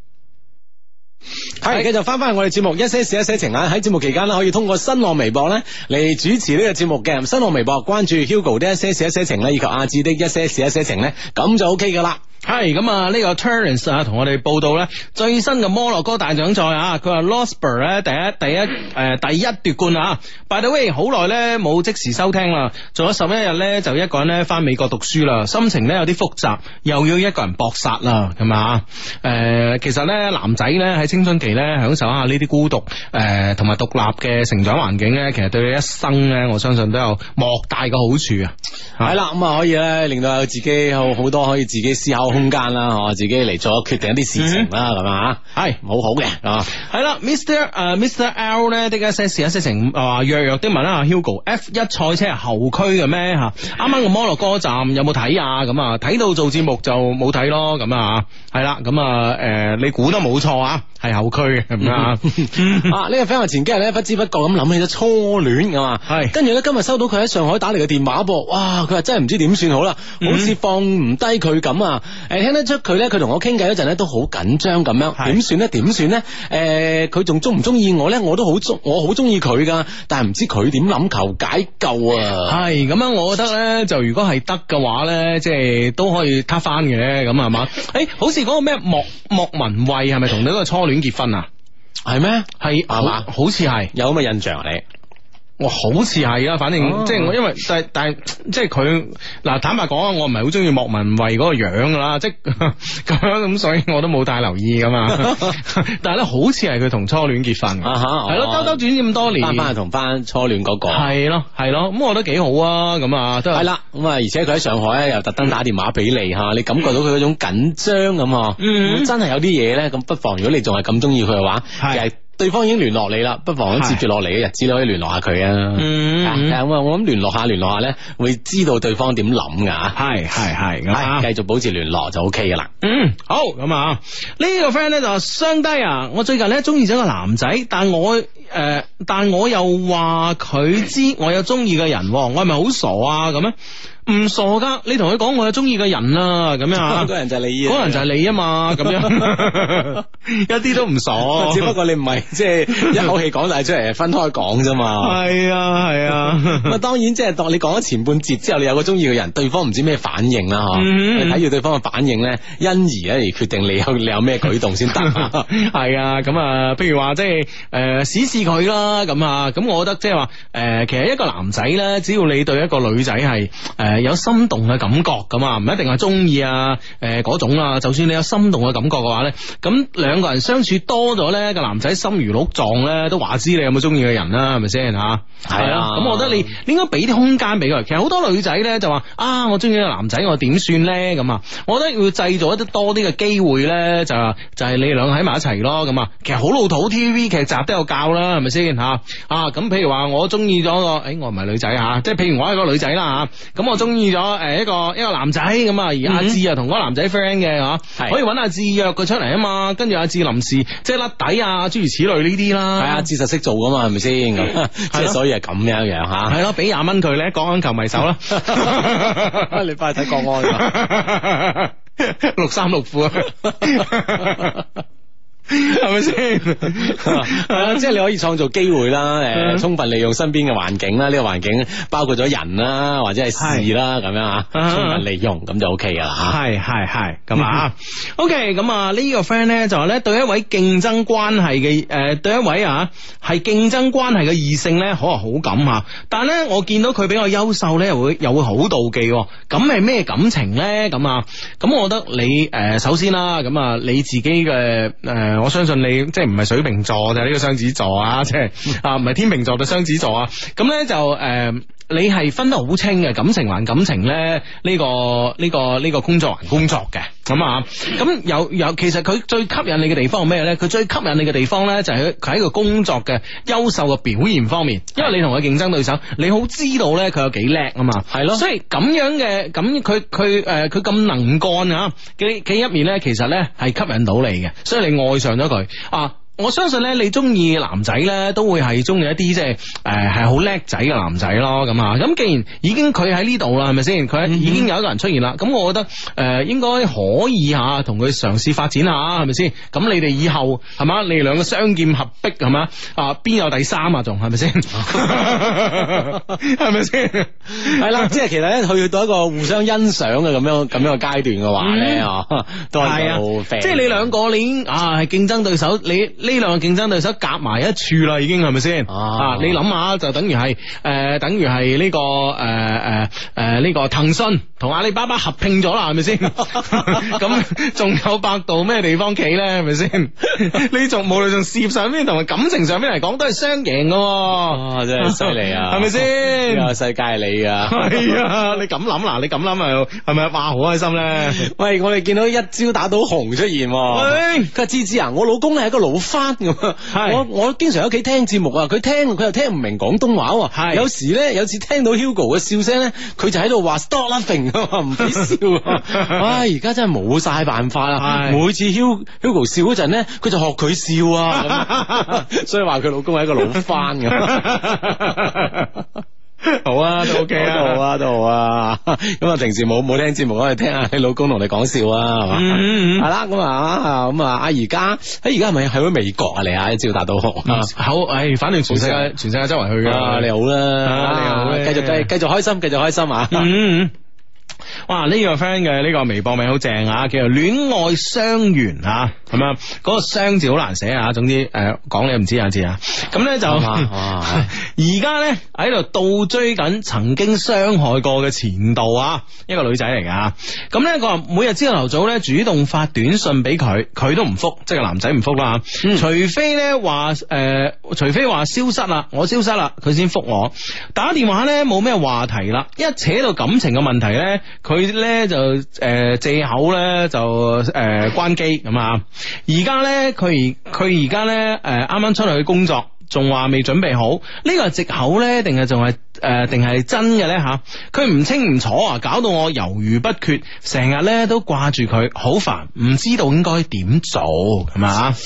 係，繼 Yes. 續翻翻我哋節目一些事一些情啊。喺節目期間咧，可以通過新浪微博咧嚟，主持呢個節目嘅，新浪微博關注 Hugo 的一些事一些情咧，以及阿志的一些事一些情咧，咁就 OK 噶啦。係咁啊！呢個 Terence 啊，同我哋報道咧最新嘅摩洛哥大獎賽啊，佢話 Rosberg 咧第一第一誒、呃、第一奪冠啊！By the way，好耐咧冇即時收聽啦，仲有十一日咧就一個人咧返美國讀書啦，心情咧有啲複雜，又要一個人搏殺啦，係啊誒，其實咧男仔咧喺青春期咧享受下呢啲孤獨誒，同、呃、埋獨立嘅成長環境咧，其實對你一生咧，我相信都有莫大嘅好處啊！係啦，咁啊可以咧令到自己有好多可以自己思考，空間啦，我自己嚟做決定一啲事情啦，咁啊吓，係好好嘅，係啦，Mr 誒，Mr L 咧，啲嘅一些事情，弱弱的問啦，Hugo，F 一賽車係後驅嘅咩吓？啱啱個摩洛哥站有冇睇啊？咁啊，睇到做節目就冇睇咯，咁啊，係啦，咁啊，誒，你估得冇錯啊？係後區嘅，嗯、 啊！呢、這個 friend 話前幾日咧，不知不覺咁諗起咗初戀，噶嘛？係跟住咧，今日收到佢喺上海打嚟嘅電話噃，哇！佢話真係唔知點算好啦，嗯、好似放唔低佢咁啊！誒、呃，聽得出佢咧，佢同我傾偈嗰陣咧，都好緊張咁樣，點是算咧？點算咧？誒、呃，佢仲中唔中意我咧？我都好中，我好中意佢噶，但係唔知佢點諗，求解救啊！係咁樣！我覺得咧，就如果係得嘅話咧，即、就、係、是、都可以撻翻嘅，咁係嘛？ 誒，好似嗰個咩莫莫文蔚係咪同你嗰個初戀？ 已經結婚啦，係咩嗎？係啊是，好似係好有咁嘅印象啊，你。我、哦、好似係啊，反正、哦、即係我，因為但係但係即係佢嗱，坦白講啊，我唔係好中意莫文蔚嗰個樣噶啦，即係咁樣咁，所以我都冇大留意噶嘛。 但係咧，好似係佢同初戀結婚，係咯、啊哈，兜兜轉咁多年，翻翻係同翻初戀嗰、那個，係咯係咯，咁我覺得幾好啊。咁啊，都係啦，咁啊，而且佢喺上海又特登打電話俾你吓，嗯、你感覺到佢嗰種緊張咁，嗯，如果真係有啲嘢咧。咁不妨，如果你仲係咁中意佢嘅話，係是。對方已經聯絡你啦，不妨接住落嚟嘅日子咧，是你可以聯絡下佢啊。係、嗯、啊，我諗聯絡下聯絡下咧，會知道對方點諗噶吓。係係係，繼、嗯、續保持聯絡就 OK 噶啦。嗯，好咁啊，呢個 friend 咧就話雙低啊，我最近咧中意咗個男仔，但我。誒，但我又話佢知我有中意嘅人，我係咪好傻啊？咁咩？唔傻噶，你同佢講我有中意嘅人啊，咁樣嗰、啊、人就你、啊，啊、人就係你啊嘛，咁 樣 一啲都唔傻。只不過你唔係即係一口氣講晒出嚟，分開講啫嘛。係啊係啊，咁啊 當然即係、就是、當你講咗前半截之後，你有個中意嘅人，對方唔知咩反應啦嗬？嗯、你睇住對方嘅反應咧，因而咧而決定你有你有咩舉動先得。係 啊，咁啊，譬如話即係誒、呃呃，時事事知佢啦，咁咁，我覺得即係話，誒，其實一個男仔咧，只要你對一個女仔係誒有心動嘅感覺，咁啊，唔一定係中意啊誒嗰種啦。就算你有心動嘅感覺嘅話咧，咁兩個人相處多咗咧，個男仔心如鹿撞咧，都話知你有冇中意嘅人啦，係咪先吓？係啊，咁、啊、我覺得你，你應該俾啲空間俾佢。其實好多女仔咧就話，啊我中意個男仔，我點算咧？咁，我覺得要製造一啲多啲嘅機會咧，就就是、係你哋兩個喺埋一齊咯。咁，其實好老土，TV 劇集都有教啦。係咪先吓啊？咁譬如話我中意咗個，誒，我唔係女仔吓，即係譬如我係個女仔啦吓，咁我中意咗誒一個一個男仔，咁啊而阿志啊同嗰個男仔 friend 嘅吓，可以搵阿志約佢出嚟啊嘛，跟住阿志臨時即係甩底啊，諸如此類呢啲啦，係啊，志實識做噶嘛，係咪先？即係所以係咁樣樣吓，係咯，俾廿蚊佢咧，講緊球迷手啦，你快去睇國安，六三六褲。係咪先？即係你可以創造機會啦，誒，充分利用身邊嘅環境啦。呢個環境包括咗人啦，或者係事啦，咁樣啊，充分利用咁就 OK 噶啦。係係係咁啊。OK，咁呢個 friend 咧就話咧，對一位競爭關係嘅誒，對一位啊，係競爭關係嘅異性咧，可好感啊。但係咧，我見到佢比較優秀咧，又會又會好妒忌。咁係咩感情咧？咁咁，我覺得你誒，首先啦，咁你自己嘅誒。我相信你即係唔係水瓶座就係呢個雙子座啊，即係啊唔係天秤座就雙子座啊，咁咧就誒。呃你係分得好清嘅，感情還感情咧，呢個呢個呢個工作還工作嘅，咁啊，咁有有，其實佢最吸引你嘅地方係咩咧？佢最吸引你嘅地方咧，就係佢喺個工作嘅優秀嘅表現方面，因為你同佢競爭對手，你好知道咧佢有幾叻啊嘛，係咯，所以咁樣嘅咁佢佢誒佢咁能幹啊，佢佢一面咧，其實咧係吸引到你嘅，所以你愛上咗佢啊。我相信咧，你中意男仔咧，都會係中意一啲即係誒，係好叻仔嘅男仔咯。咁啊，咁既然已經佢喺呢度啦，係咪先？佢已經有一個人出現啦。咁我覺得誒，應該可以吓同佢嘗試發展下，係咪先？咁你哋以後係嘛？你哋兩個雙劍合璧係嘛？啊，邊有第三啊？仲係咪先？係咪先？係啦，即係其實咧去到一個互相欣賞嘅咁樣咁樣嘅階段嘅話咧，都係好 friend。即係你兩個，你已經係競爭對手，你。呢兩個競爭對手夾埋一處啦，已經係咪先？啊啊、你諗下就等於係誒、呃，等於係呢、這個誒誒誒呢個騰訊同阿里巴巴合併咗啦，係咪先？咁仲 有百度咩地方企咧？係咪先？呢仲 無論從事業上邊同埋感情上邊嚟講，都係雙贏噶。真係犀利啊！係咪先？世界你啊，係 啊！你咁諗嗱，你咁諗啊係咪哇，好開心咧！喂，我哋見到一招打到紅出現。佢知知啊，izi，我老公咧係一個老花。翻咁，我是我經常喺屋企聽節目啊，佢聽佢又聽唔明廣東話，係是有時咧有次聽到 Hugo 嘅笑聲咧，佢就喺度話 Stop laughing 啦，唔畀笑，唉、 哎，而家真係冇晒辦法啊，是每次 Hugo 笑嗰陣咧，佢就學佢笑啊， 所以話佢老公係一個老番咁。 好，都 OK 啊，都好啊，都好啊。咁啊，啊 平時冇冇聽節目，可以聽下你老公同你講笑、嗯嗯、啊，係嘛？係啦，咁啊，咁啊，啊，而家，誒，而家係咪喺美國啊？你啊，一朝大到、嗯、好，唉、哎，反正全世界、啊、全世界周圍去嘅、啊，你好啦、啊啊，你好、啊，繼、啊啊、續繼繼續，續開心，繼續開心啊！嗯。嗯哇！呢，這個 friend 嘅呢個微博名好正啊，叫做戀愛傷員啊，咁樣，嗰，那個傷字好難寫啊。總之誒，講、呃、你唔知啊知啊。咁咧就而家咧喺度倒追緊曾經傷害過嘅前度啊，一個女仔嚟噶。咁咧個每日朝頭早咧主動發短信俾佢，佢都唔複，即、就、係、是、男仔唔複啦。除非咧話誒，除非話消失啦，我消失啦，佢先複我。打電話咧冇咩話題啦，一扯到感情嘅問題咧。佢咧就誒借、呃、口咧就誒、呃、關機咁啊，而家咧佢而佢而家咧誒啱啱出嚟去工作，仲話未準備好，藉呢個係借口咧，定係仲係誒定係真嘅咧吓？佢、啊、唔清唔楚，搞到我猶豫不決，成日咧都掛住佢，好煩，唔知道應該點做咁啊！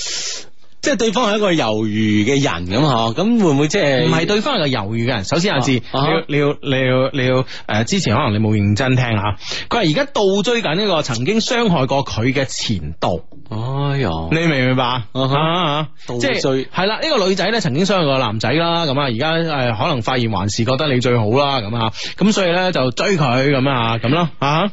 即係對方係一個猶豫嘅人咁嗬，咁會唔會即係？唔係對方係個猶豫嘅人，首先啊，字你要、啊、你要你要你要誒、呃，之前可能你冇認真聽吓，佢話而家倒追緊呢個曾經傷害過佢嘅前度。哎呀呦，你明唔明白啊？吓，倒追係啦，呢、這個女仔咧曾經傷害過男仔啦，咁啊，而家誒可能發現還是覺得你最好啦，咁啊，咁所以咧就追佢咁啊，咁咯啊。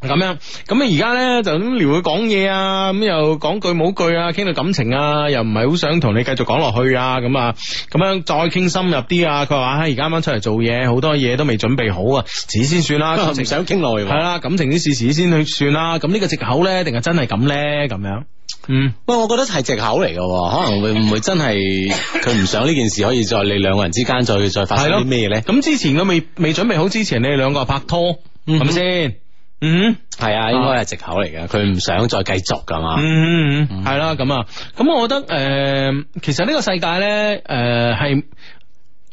咁樣咁你，而家咧就咁聊佢講嘢啊，咁又講句冇句啊，傾到感情啊，又唔係好想同你繼續講落去啊，咁啊，咁樣再傾深入啲啊。佢話啊，而家啱出嚟做嘢，好多嘢都未準備好啊，遲先算啦，唔想傾落係啦，感情啲事事先去算啦。咁呢個藉口咧，定係真係咁咧？咁樣嗯，不過，我覺得係藉口嚟噶，可能會唔會真係佢唔想呢件事可以再你兩個人之間再再發生啲咩咧？咁之前佢未未準備好之前，你哋兩個拍拖係咪先？嗯、mm，係、hmm. 啊，應該係借口嚟嘅，佢唔想再繼續噶嘛。嗯，係啦，咁咁，我覺得誒、呃，其實呢個世界咧，誒、呃，係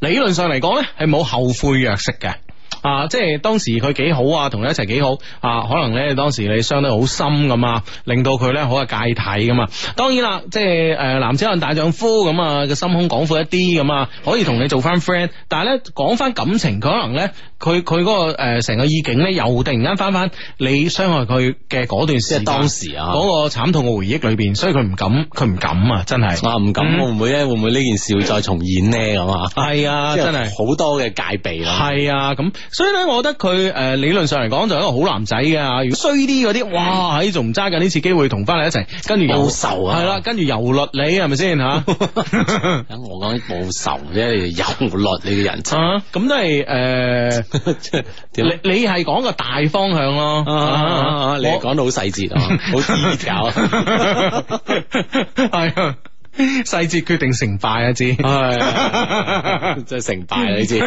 理論上嚟講咧，係冇後悔藥食嘅。啊，即係當時佢幾好啊，同你一齊幾好啊，可能咧當時你傷得好深咁啊，令到佢咧好有芥蒂噶嘛。當然啦，即係誒、呃，男子漢大丈夫咁啊，個心胸廣闊一啲咁啊，可以同你做翻 friend。但係咧，講翻感情，可能咧。佢佢嗰個誒成個意境咧，又突然間翻翻你傷害佢嘅嗰段時間，當時啊，嗰個慘痛嘅回憶裏邊，所以佢唔敢，佢唔敢啊！真係，啊唔敢，會唔會咧？會唔會呢件事會再重演呢？咁啊，係啊，真係好多嘅戒備咯。係啊，咁所以咧，我覺得佢誒理論上嚟講就係一個好男仔㗎，如果衰啲嗰啲哇，係仲唔揸緊呢次機會同翻你一齊？跟住報仇係啦，跟住遊律你係咪先嚇？等我講報仇啫，遊律你嘅人咁都係誒。 麼你你係講個大方向咯，你講到好細節啊，好 detail 細節決定成敗啊！知係，即 係、啊、 成敗、啊、 你知，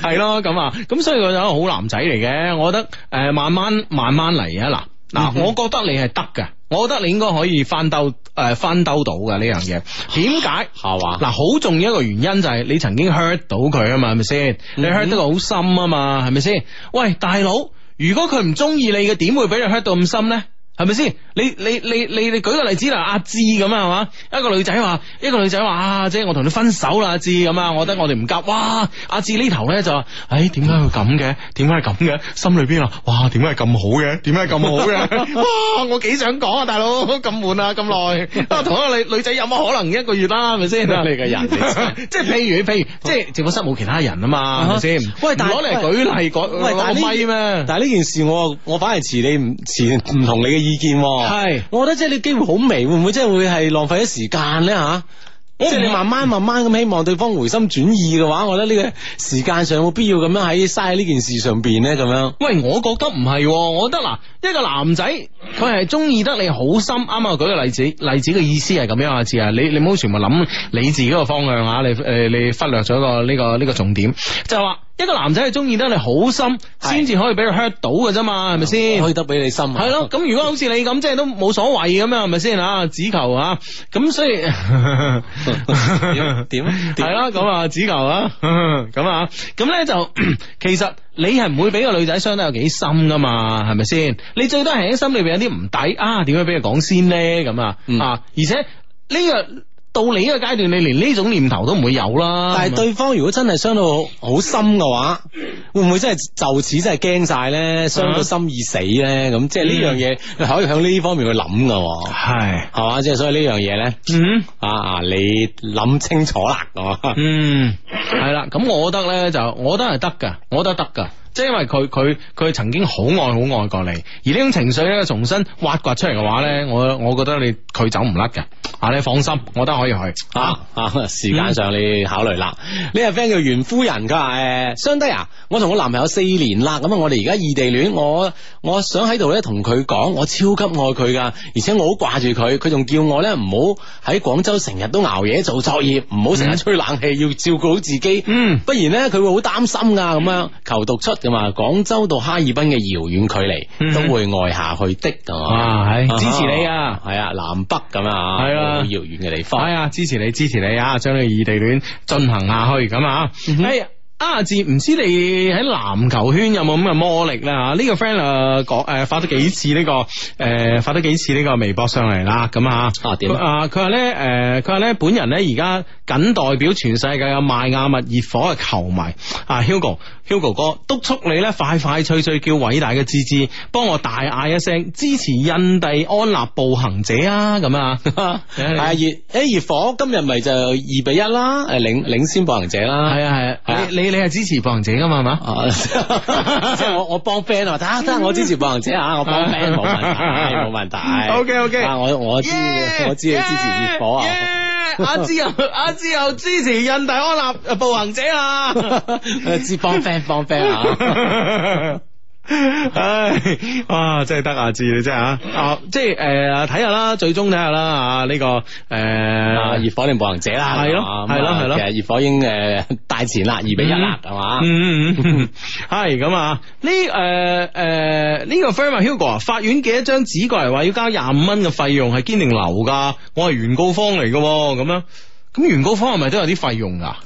係咯咁啊，咁、啊，所以佢係一個好男仔嚟嘅，我覺得誒，慢慢慢慢嚟啊嗱。嗱，嗯、我覺得你係得嘅，我覺得你應該可以翻兜誒、呃、翻兜到嘅呢樣嘢。點解係話嗱？好、 啊、重要一個原因就係你曾經 hurt 到佢啊嘛，係咪先？你 hurt 得佢好深啊嘛，係咪先？喂，大佬，如果佢唔中意你嘅，點會俾你 hurt 到咁深咧？係咪先？你你你你你舉個例子啦，阿志咁啊，係嘛？一個女仔話，一個女仔話，即係、啊、我同你分手啦，阿志咁啊，我覺得我哋唔夾。哇！阿志呢頭咧就話，誒、哎，點解會咁嘅？點解係咁嘅？心裏邊啊，哇，點解係咁好嘅？點解係咁好嘅？哇、 啊！我幾想講啊，大佬咁悶啊，咁耐。不過講個女女仔有冇可能一個月啦、啊？係咪先？你嘅人，即係譬如譬如，譬如，即係直播室冇其他人啊嘛？係咪先，喂，但係攞嚟舉例講，喂，咪啲咩？但係呢件事我我，我反而遲你唔遲唔同你嘅。 意見係，是我覺得即係你機會好微，會唔會即係會係浪費咗時間咧吓？啊、即係你慢慢慢慢咁希望對方回心轉意嘅話，我覺得呢個時間上有冇必要咁樣喺嘥喺呢件事上邊咧？咁樣？喂，我覺得唔係、哦，我覺得嗱、啊，一個男仔佢係中意得你好深，啱啱我舉個例子，例子嘅意思係咁樣啊，志啊，你你唔好全部諗你自己個方向啊，你誒、呃、你忽略咗、這個呢、這個呢、這個重點，就係、是、話。一個男仔係中意得你好心，先至可以俾佢 hurt 到嘅啫嘛，係咪先？的的可以得俾你心，係咯。咁如果好似你咁，即係都冇所謂咁啊，係咪先？啊，只 點求啊，咁所以點點係啦，咁啊，只求啊，咁啊、嗯，咁咧就其實你係唔會俾個女仔傷得有幾深噶嘛，係咪先？你最多係喺心，心裏邊有啲唔抵啊，點樣俾佢講先咧？咁啊，而且呢、這、日、個。到你呢個階段，你連呢種念頭都唔會有啦。但係對方如果真係傷到好深嘅話，會唔會真係就此真係驚晒咧？傷到、啊、心已死咧？咁、嗯、即係呢樣嘢你可以向呢方面去諗㗎。係係嘛，即係所以呢樣嘢咧，嗯、啊，你諗清楚啦。嗯， 係啦。咁我覺得咧，就我覺得係得噶，我覺得得，得得噶。即係因為佢佢佢曾經好愛好愛過你，而呢種情緒咧重新挖掘出嚟嘅話咧，我我覺得你佢走唔甩嘅，你放心，我都可以去啊，啊。時間上你考慮啦。呢個 friend 叫袁夫人噶，誒，雙低啊，我同我男朋友四年啦，咁啊，我哋而家異地戀，我我想喺度咧同佢講，我超級愛佢噶，而且我好掛住佢，佢仲叫我咧唔好喺廣州成日都熬夜做作業，唔好成日吹冷氣，嗯、要照顧好自己，嗯，不然咧佢會好擔心啊咁樣，求讀出。嘛，廣州到哈爾濱嘅遙遠距離，嗯、哼都會愛下去的，咁啊，係、啊、支持你，啊，係啊，南北咁啊，係啊，好遙遠嘅地方，係啊，支持你，支持你，啊你，啊，將呢個異地戀進行下去咁啊，係、嗯哼。阿志，唔知你喺籃球圈有冇咁嘅魔力啦？呢個 friend 啊，講誒發咗幾次呢個誒，發咗幾次呢個微博上嚟啦。咁啊，點？佢話咧，誒，佢話咧，本人咧而家僅代表全世界嘅邁阿密熱火嘅球迷，Hugo Hugo 哥，督促你咧快快脆脆叫偉大嘅志志，幫我大嗌一聲支持印第安納步行者啊！咁啊，熱誒熱火今日咪就二比一啦，誒領領先步行者啦。係啊係啊，你係支持步行者噶嘛？係嘛？即 係 我我幫 friend 話，啊，得得，我支持步行者啊！我幫 friend，冇問題，冇問題。O K O K，我我知，我知，yeah, 我知你支持熱火啊！阿志又阿志又支持印第安納步行者啦！知幫 friend，幫 friend 啊！ 啊 唉， 哇，真係得阿志你真係啊！即係誒，睇下啦，最終睇下啦，呢、啊，這個誒熱、呃、火定步行者啦，係咯的，係咯、嗯，係咯、嗯，其實熱火已經誒大前啦，二比一啦，係嘛？嗯嗯係咁啊！呢誒誒呢個 friend h u g，法院寄一張紙過嚟話要交廿五蚊嘅費用係堅定留噶，我係原告方嚟嘅，咁樣，咁原告方係咪都有啲費用噶？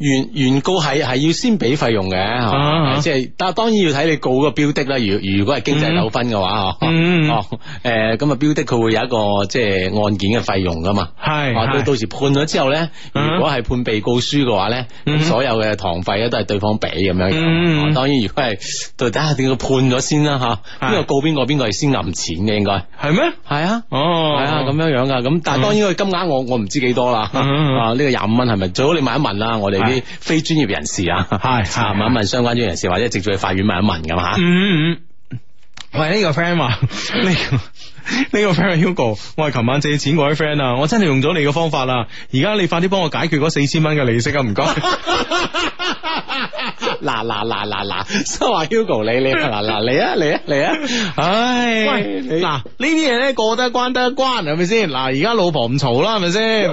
原原告係係要先俾費用嘅，即係但當然要睇你告個標的啦。如如果係經濟糾紛嘅話，誒，咁啊標的佢會有一個即係案件嘅費用噶嘛。係到到時判咗之後咧，如果係判被告輸嘅話咧，所有嘅堂費咧都係對方俾咁樣。當然如果係到底點樣判咗先啦吓，邊個告邊個邊個係先揞錢嘅應該。係咩？係啊，哦，係啊，咁樣樣噶。咁但係當然佢金額我我唔知幾多啦。呢個廿五蚊係咪？最好你問一問啦，我哋。啲非專業人士的啊，係問一問相關專業人士，或者直接去法院問一問咁啊吓。嗯嗯，喂呢個 friend 啊呢個呢個 friend Hugo，我係琴晚借錢嗰位 friend 啊，我真係用咗你嘅方法啦，啊，而家你快啲幫我解決嗰四千蚊嘅利息啊，唔該。嗱嗱嗱嗱嗱收 o 話 Hugo 你 你嗱嗱嚟啊嚟啊嚟啊，唉、 呃，喂，嗱呢啲嘢咧，過得一關得一關係咪先？嗱而家老婆唔嘈啦係咪先？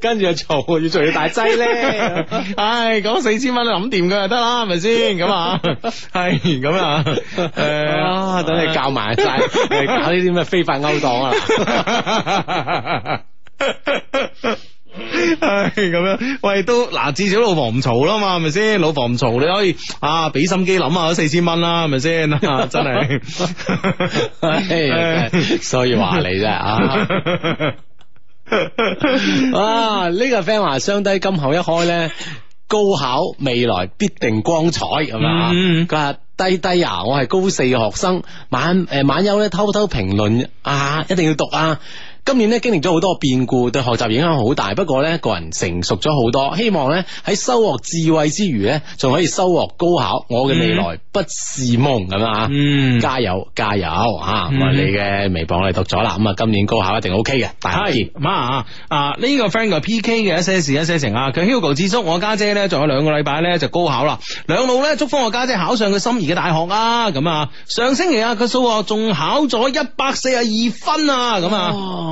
跟住就嘈，要嘈要大劑咧，唉，講四千蚊你諗掂佢就得啦係咪先？咁啊係咁啊，誒，等你教埋晒，你搞呢啲咩非法勾當啊！ 係咁樣，喂，都嗱至少老婆唔嘈啦嘛，係咪先？老婆唔嘈，你可以啊，俾心機諗下，四千蚊啦，係咪先？真係，所以話你啫。啊，呢個 friend 話雙低今後一開咧，高考未來必定光彩咁啊！佢話、嗯嗯、低低啊，我係高四學生，晚誒、呃、晚休咧，偷偷評論啊，一定要讀啊！今年咧，經歷咗好多變故，對學習影響好大。不過咧個人成熟咗好多，希望咧喺收穫智慧之餘咧，仲可以收穫高考。嗯、我嘅未來不是夢咁啊！嗯，加，加油加油啊！嗯、你嘅微博我哋讀咗啦。咁啊，今年高考一定 OK 嘅，大吉。係媽啊，呢、這個 friend、啊、PK 嘅一些事一些情啊。佢 Hugo 智叔，我家姐咧仲有兩個禮拜咧就高考啦。兩老咧祝福我家姐，姐考上佢心儀嘅大學啊！咁、啊、上星期啊，佢數學仲考咗一百四十二分啊！咁、啊。啊啊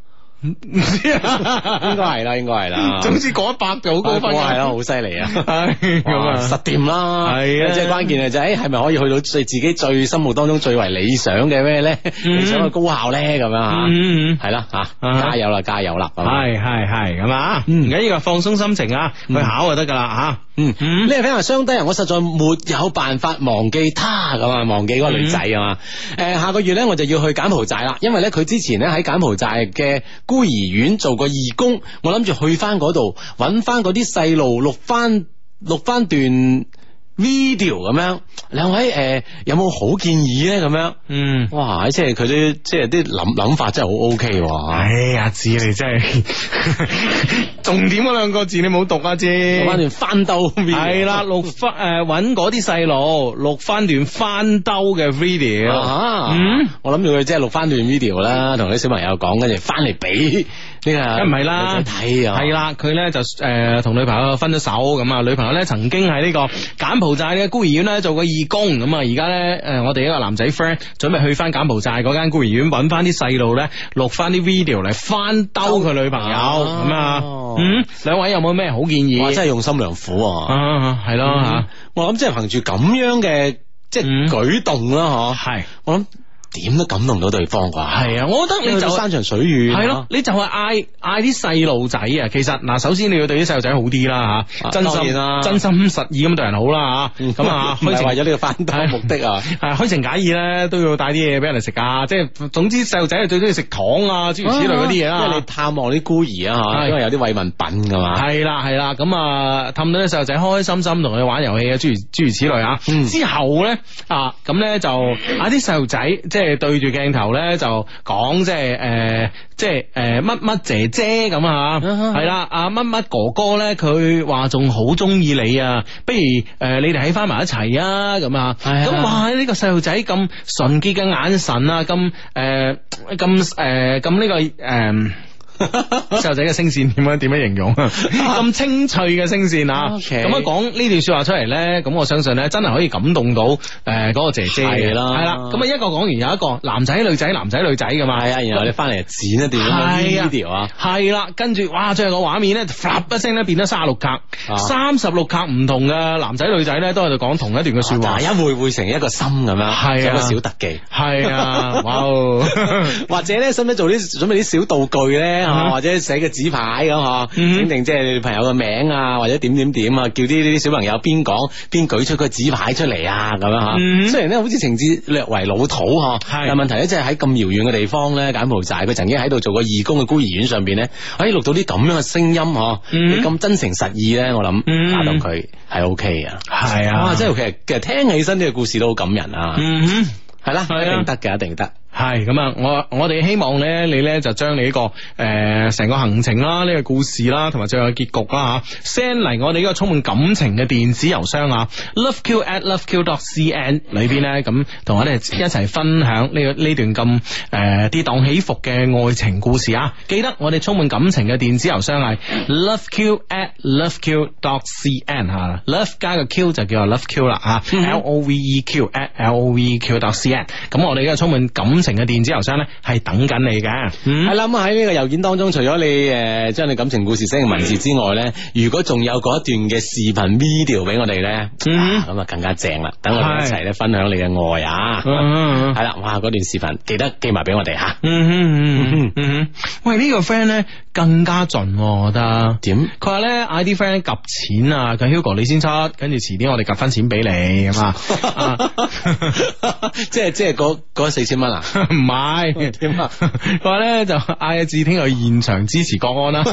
唔知啊，應該係啦，應該係啦。總之過一百就好高分嘅，係咯，好犀利啊，咁實掂啦，係啊，即係關鍵啊，就係咪可以去到最自己最心目當中最為理想嘅咩咧？理想嘅高校咧，咁樣吓，係啦吓，加油啦，加油啦，係係係，咁啊，唔緊要啊，放鬆心情去考就得噶啦吓，嗯，你睇下雙低人，我實在沒有辦法忘記他咁啊，忘記嗰個女仔啊嘛，誒，下個月咧我就要去柬埔寨啦，因為咧佢之前咧喺柬埔寨嘅。孤兒院做過義工，我諗住去翻嗰度，搵翻嗰啲細路錄翻錄翻段 video 咁樣，兩位誒有冇好建議咧？咁樣，嗯，哇，即係佢啲即係啲諗諗法真係好 OK 喎、啊。哎呀，子你真係 重點嗰兩個字你冇讀啊，啫、嗯。翻、啊、段翻兜片。係啦，錄翻誒搵嗰啲細路錄翻段翻兜嘅 video。嗯，啊、我諗住佢即係錄翻段 video 啦，同啲小朋友講，跟住翻嚟畀呢個。梗唔係啦，係啦、啊，佢咧、嗯、就誒同、呃、女朋友分咗手咁啊，女朋友咧曾經喺呢、這個簡。柬埔寨嘅孤兒院咧做個義工咁啊，而家咧誒，我哋一個男仔 friend 準備去翻柬埔寨嗰間孤兒院揾翻啲細路咧錄翻啲 video 嚟翻兜佢女朋友咁、哦、啊，嗯，兩位有冇咩好建議？我真係用心良苦啊，係咯吓，我諗即係憑住咁樣嘅即係舉動啦，嗬、嗯，係、啊、我諗。點都感動到對方㗎、啊？係啊，我覺得、啊、你就山長水遠係咯，你就係嗌嗌啲細路仔啊！其實嗱，首先你要對啲細路仔好啲啦吓，啊、真心、啊、真心實意咁對人好啦、啊、吓，咁唔係為咗呢個翻代目的啊，啊虛情假意，咧都要帶啲嘢俾人哋食啊。即係總之細路仔最中意食糖啊，諸如此類嗰啲嘢啦。因為你探望啲孤兒啊，吓、啊，因為有啲慰問品噶嘛。係啦係啦，咁啊，氹、啊啊啊嗯啊、到啲細路仔開開心心同佢玩遊戲啊，諸如諸如此類啊。嗯、之後咧咁咧就嗌啲細路仔即係。即係對住鏡頭咧就講，呃，即係誒，即係誒，乜乜姐姐咁啊，係啦，阿乜乜哥哥咧，佢話仲好中意你啊，不如誒、呃，你哋喺翻埋一齊啊，咁啊，咁 哇，呢，個細路仔咁純潔嘅眼神啊，咁誒，咁、呃、誒，咁呢，呃呃個誒。呃細路仔嘅聲線點樣點樣形容？咁清脆嘅聲線啊！咁啊講呢段說話出嚟咧，咁我相信咧真係可以感動到誒嗰個姐姐嘅啦。係啦，咁一個講完有一個男仔女仔，男仔女仔噶嘛。係啊，然後你翻嚟剪一段，呢段係啦，跟住哇，最後個畫面咧，一聲咧變咗三十六格，三十六格唔同嘅男仔女仔咧，都喺度講同一段嘅說話，一匯匯成一個心咁啊，係一個小特技，係啊，哇！或者咧，使唔使做啲準備啲小道具咧？或者寫個紙牌咁嗬，肯定即係你朋友嘅名啊，或者點點點，叫啲啲小朋友邊講邊舉出個紙牌出嚟啊，咁樣吓。Mm hmm. 雖然咧好似情節略為老土的但係問題咧即係喺咁遙遠嘅地方咧，柬埔寨佢曾經喺度做過義工嘅孤兒院上邊咧，可以錄到啲咁樣嘅聲音嗬，咁、mm hmm. 真誠實意咧，我諗打動佢係 O K 嘅。係、mm hmm. 的啊，即係其實其實聽起身呢個故事都好感人啊。嗯哼、mm，係、hmm. 啦， 一定得嘅，一定得。係咁啊！我我哋希望咧，你咧就將你呢個誒成個行程啦、呢個故事啦、同埋最後嘅結局啦吓，send 嚟我哋呢個充滿感情嘅電子郵箱啊，loveq@loveq.cn 裏邊咧，咁同我哋一齊分享呢個呢段咁誒跌宕起伏嘅愛情故事啊！記得我哋充滿感情嘅電子郵箱係 loveq@loveq.cn 吓，love 加個 q 就叫做 loveq 啦吓，L O V E Q at L O V E Q dot c n，咁我哋呢個充滿感情嘅電子郵箱咧係等緊你嘅。嗯，係啦，咁喺呢個郵件當中，除咗你誒將你感情故事寫成文字之外咧，是如果仲有嗰一段嘅視頻 video 俾我哋咧，咁啊更加正啦！等我哋一齊咧分享你嘅愛啊！係啦，哇嗰段視頻記得寄埋俾我哋吓。嗯嗯嗯嗯嗯。喂，這個，呢個 friend 咧更加盡，我覺得點？佢話咧嗌啲 friend 夾錢啊，佢 Hugo 你先出，跟住遲啲我哋夾翻錢俾你咁啊！即係即係嗰四千蚊啊！唔係點啊？佢話咧就嗌阿志聽日去現場支持國安啦。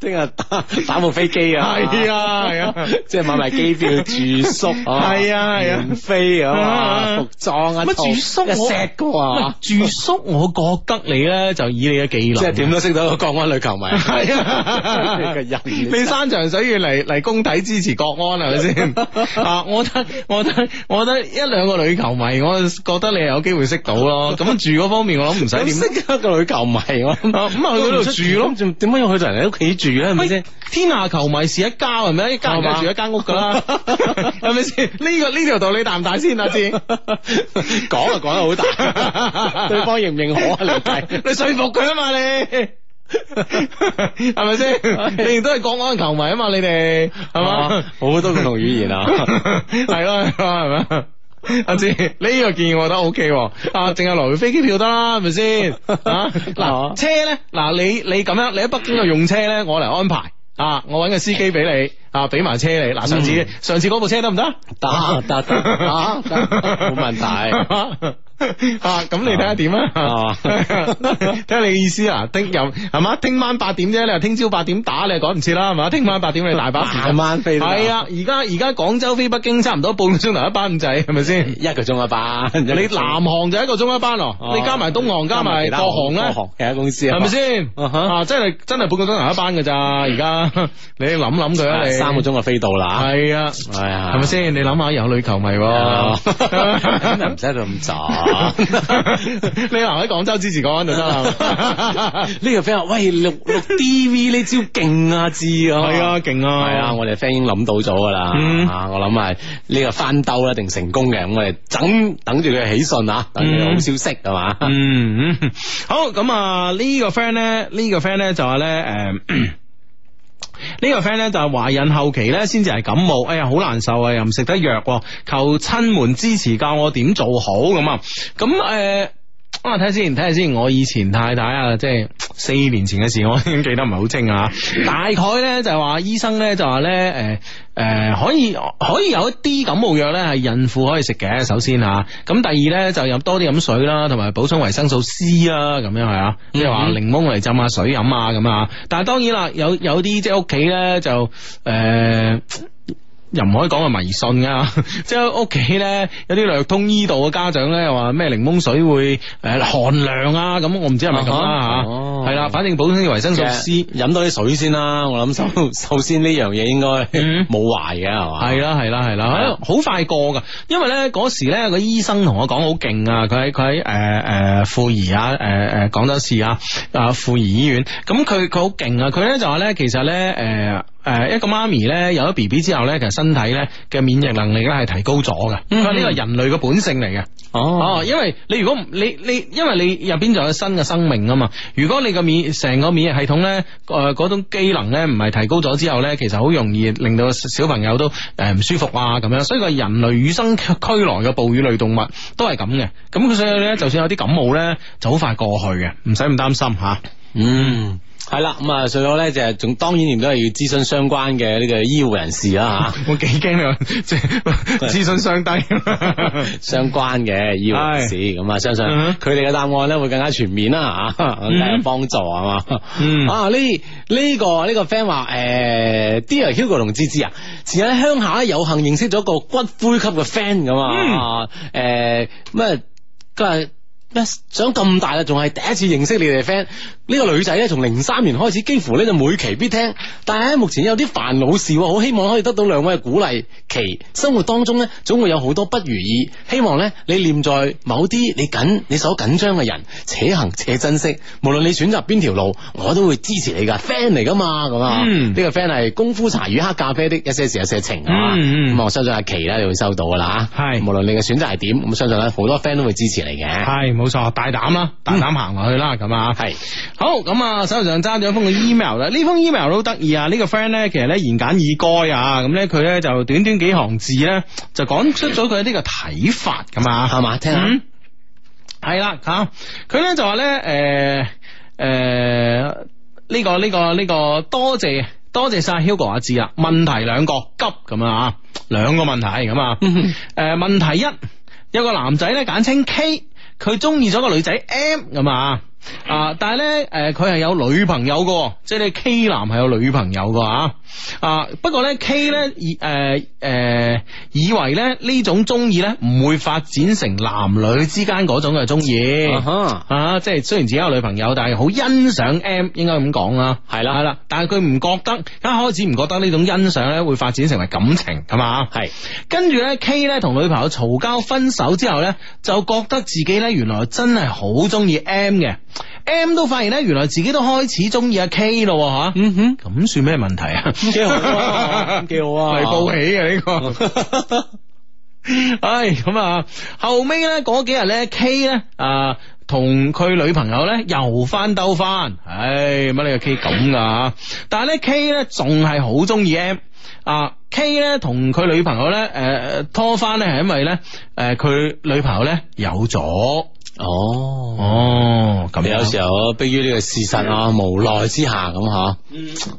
聽日打打部飛機啊，係啊係啊，即係買埋機票住宿，啊。係啊係啊，飛啊嘛，服裝一住宿，石鍋住宿，我覺得你咧就以你嘅技能，即係點都識到個國安女球迷，係啊，你山長水遠嚟嚟工體支持國安係咪先？啊，我覺得我覺得我覺得一兩個女球迷，我覺得。你又有機會識到咯，咁住嗰方面我諗唔使點。識個女球迷，咁去嗰度住咯，點解佢就人哋屋企住咧，係咪先？天下球迷是一家，係咪吧一家住一間屋噶啦，係咪先？呢個呢條道理大唔大先？阿先？講就講得好大， 對方認唔認可啊？劉你，你說服佢啊嘛？你係咪先？你都係國安球迷啊嘛？你哋係嘛？好 多共同語言啊，係咯， 係咪？阿志呢個建議我覺得 OK，啊，淨係來回飛機票得啦，係咪先？嗱、啊，車咧，嗱、啊、你你咁樣，你喺北京度用車咧，我嚟安排，啊，我搵個司機俾你。啊！俾埋車你，嗱，上次上次嗰部車得唔得？得得得，冇問題。啊咁你睇下點啊？睇下你嘅意思，啊，聽又係嘛？聽晚八點啫，你聽朝八點打你，又趕唔切啦係嘛？聽晚八點你大把時間飛，係啊！而家而家廣州飛北京差唔多半個鐘頭一班咁滯，係咪先？一個鐘一班，你南航就一個鐘一班哦。你加埋東航加埋國航咧，航其他公司係咪先？真係真係半個鐘頭一班嘅咋？而家你諗諗佢啊，你。三個鐘就飛到啦，係啊，係啊，係咪先？你諗下，有女球迷又唔使咁渣。你話喺廣州支持講就得啦。呢個 friend 喂錄錄 D V 呢招勁啊，字啊，係啊，勁啊，係啊，我哋 friend 已經諗到咗噶啦，我諗係呢個翻兜一定成功嘅，我哋等等住佢起信啊，等住好消息係嘛，嗯，好咁啊，呢個 friend 咧，呢個 friend 咧就話咧，誒。呢個 friend 咧就係懷孕後期咧，先至係感冒，哎呀好難受啊，又唔食得藥，求親們支持教我點做好咁啊。咁誒。呃咁啊，睇下先，睇下先。我以前太太啊，即係四年前嘅事，我已經記得唔係好清啊。 大概咧就係話，醫生咧就話咧，誒、呃、誒、呃，可以可以有一啲感冒藥咧係孕婦可以食嘅。首先吓，咁、啊、第二咧就飲多啲飲水啦，同埋補充維生素 C 啊，咁樣係啊， 即係話檸檬嚟浸下水飲啊，咁啊。但係當然啦，有有啲即係屋企咧就誒。呃又唔可以講係迷信噶，啊， 即係屋企咧有啲略通醫道嘅家長咧，又話咩檸檬水會誒、呃、寒涼啊，咁我唔知係咪咁啊，係啦，啊啊，反正補充啲維生素 C，飲多啲水先啦。我諗首首先呢樣嘢應該冇壞嘅係嘛，係啦係啦係啦，好快過噶，因為咧嗰時咧，個醫生同我講好勁啊，佢喺佢喺誒誒婦兒啊，誒誒廣州市啊婦兒醫院，咁佢佢好勁啊，佢咧就話咧其實咧誒。誒、呃，一個媽咪咧，有咗 BB 之後咧，其實身體咧嘅免疫能力咧係提高咗嘅。嗯，呢個人類嘅本性嚟嘅。哦、哦，因為你如果你你，因為你入邊仲有新嘅生命啊嘛。如果你個免成個免疫系統咧，誒、呃，嗰種機能咧唔係提高咗之後咧，其實好容易令到小朋友都誒唔、呃、舒服啊咁樣。所以個人類與生俱來嘅哺乳類動物都係咁嘅。咁佢所以咧，就算有啲感冒咧，就好快過去嘅，唔使咁擔心吓、啊。嗯。係啦，咁啊，所以我咧就係仲當然亦都係要諮詢相關嘅呢個醫護人士啦吓。我幾驚啊，即係諮詢相低相關嘅醫護人士，咁啊 怕，相信佢哋嘅答案咧會更加全面啦吓，嗯、更加有幫助啊嘛。啊，呢呢、這個呢、這個 friend 話誒、欸、，Dear Hugo 同芝芝啊，前日喺鄉下有幸認識咗個骨灰級嘅 friend 咁啊，誒咩，咁啊。欸想咁大啦，仲係第一次認識你哋嘅 friend 呢個女仔咧，從零三年開始，幾乎咧就每期必聽。但係咧目前有啲煩惱事，好希望可以得到兩位嘅鼓勵。期生活當中呢，總會有好多不如意，希望呢，你念在某啲你緊你所緊張嘅人，且行且珍惜。無論你選擇邊條路，我都會支持你噶，friend 嚟噶嘛咁啊！呢、嗯這個 friend 係功夫茶與黑咖啡的，一些事，一些情啊！咁、嗯、我相信阿期呢，你會收到噶啦吓。係是無論你嘅選擇係點，咁相信咧好多 friend 都會支持你嘅。係。冇錯，大膽啦，大膽行落去啦，咁啊，係好咁啊，手頭上揸咗一封嘅 email 啦，呢封 email 都好得意啊，呢個 friend 咧，其實咧言簡意賅啊，咁咧佢咧就短短幾行字咧，就講出咗佢呢個睇法，咁啊，係嘛，聽下，係啦吓，佢咧就話咧，誒誒，呢個呢個呢個多謝多謝晒 Hugo 阿志啊，問題兩個急咁啊，兩個問題咁啊，誒問題一，有個男仔咧簡稱 K。佢中意咗個女仔 M 咁啊，啊，但係咧，誒、呃，佢係有女朋友噶，即係 K 男係有女朋友噶吓。啊、不過 K 呢 K 呢，誒誒、呃呃，以為呢呢種中意呢唔會發展成男女之間嗰種嘅中意，吓、uh huh. 啊，即係雖然自己有女朋友，但係好欣賞 M，應該咁講啦，係啦，係啦，但係佢唔覺得，一開始唔覺得呢種欣賞呢會發展成為感情，係嘛，係是，跟住呢 K 呢同女朋友嘈交分手之後呢，就覺得自己呢原來真係好中意 M 嘅。M 都發現咧，原來自己都開始中意阿 K 咯，吓，嗯哼，咁算咩問題 啊？幾好，幾好，係報喜啊！呢、 啊這個，唉、 哎，咁後尾咧嗰幾日咧，K 咧啊，同佢、呃、女朋友咧又翻斗翻，唉、呃，乜你個 K 咁噶？但係咧 K 咧仲係好中意 M，K 啊咧同佢女朋友咧，誒、呃，拖翻咧係因為咧，誒，佢女朋友咧、呃呃、有咗。哦，哦、啊，咁有時候迫於呢個事實啊，嗯、無奈之下咁吓，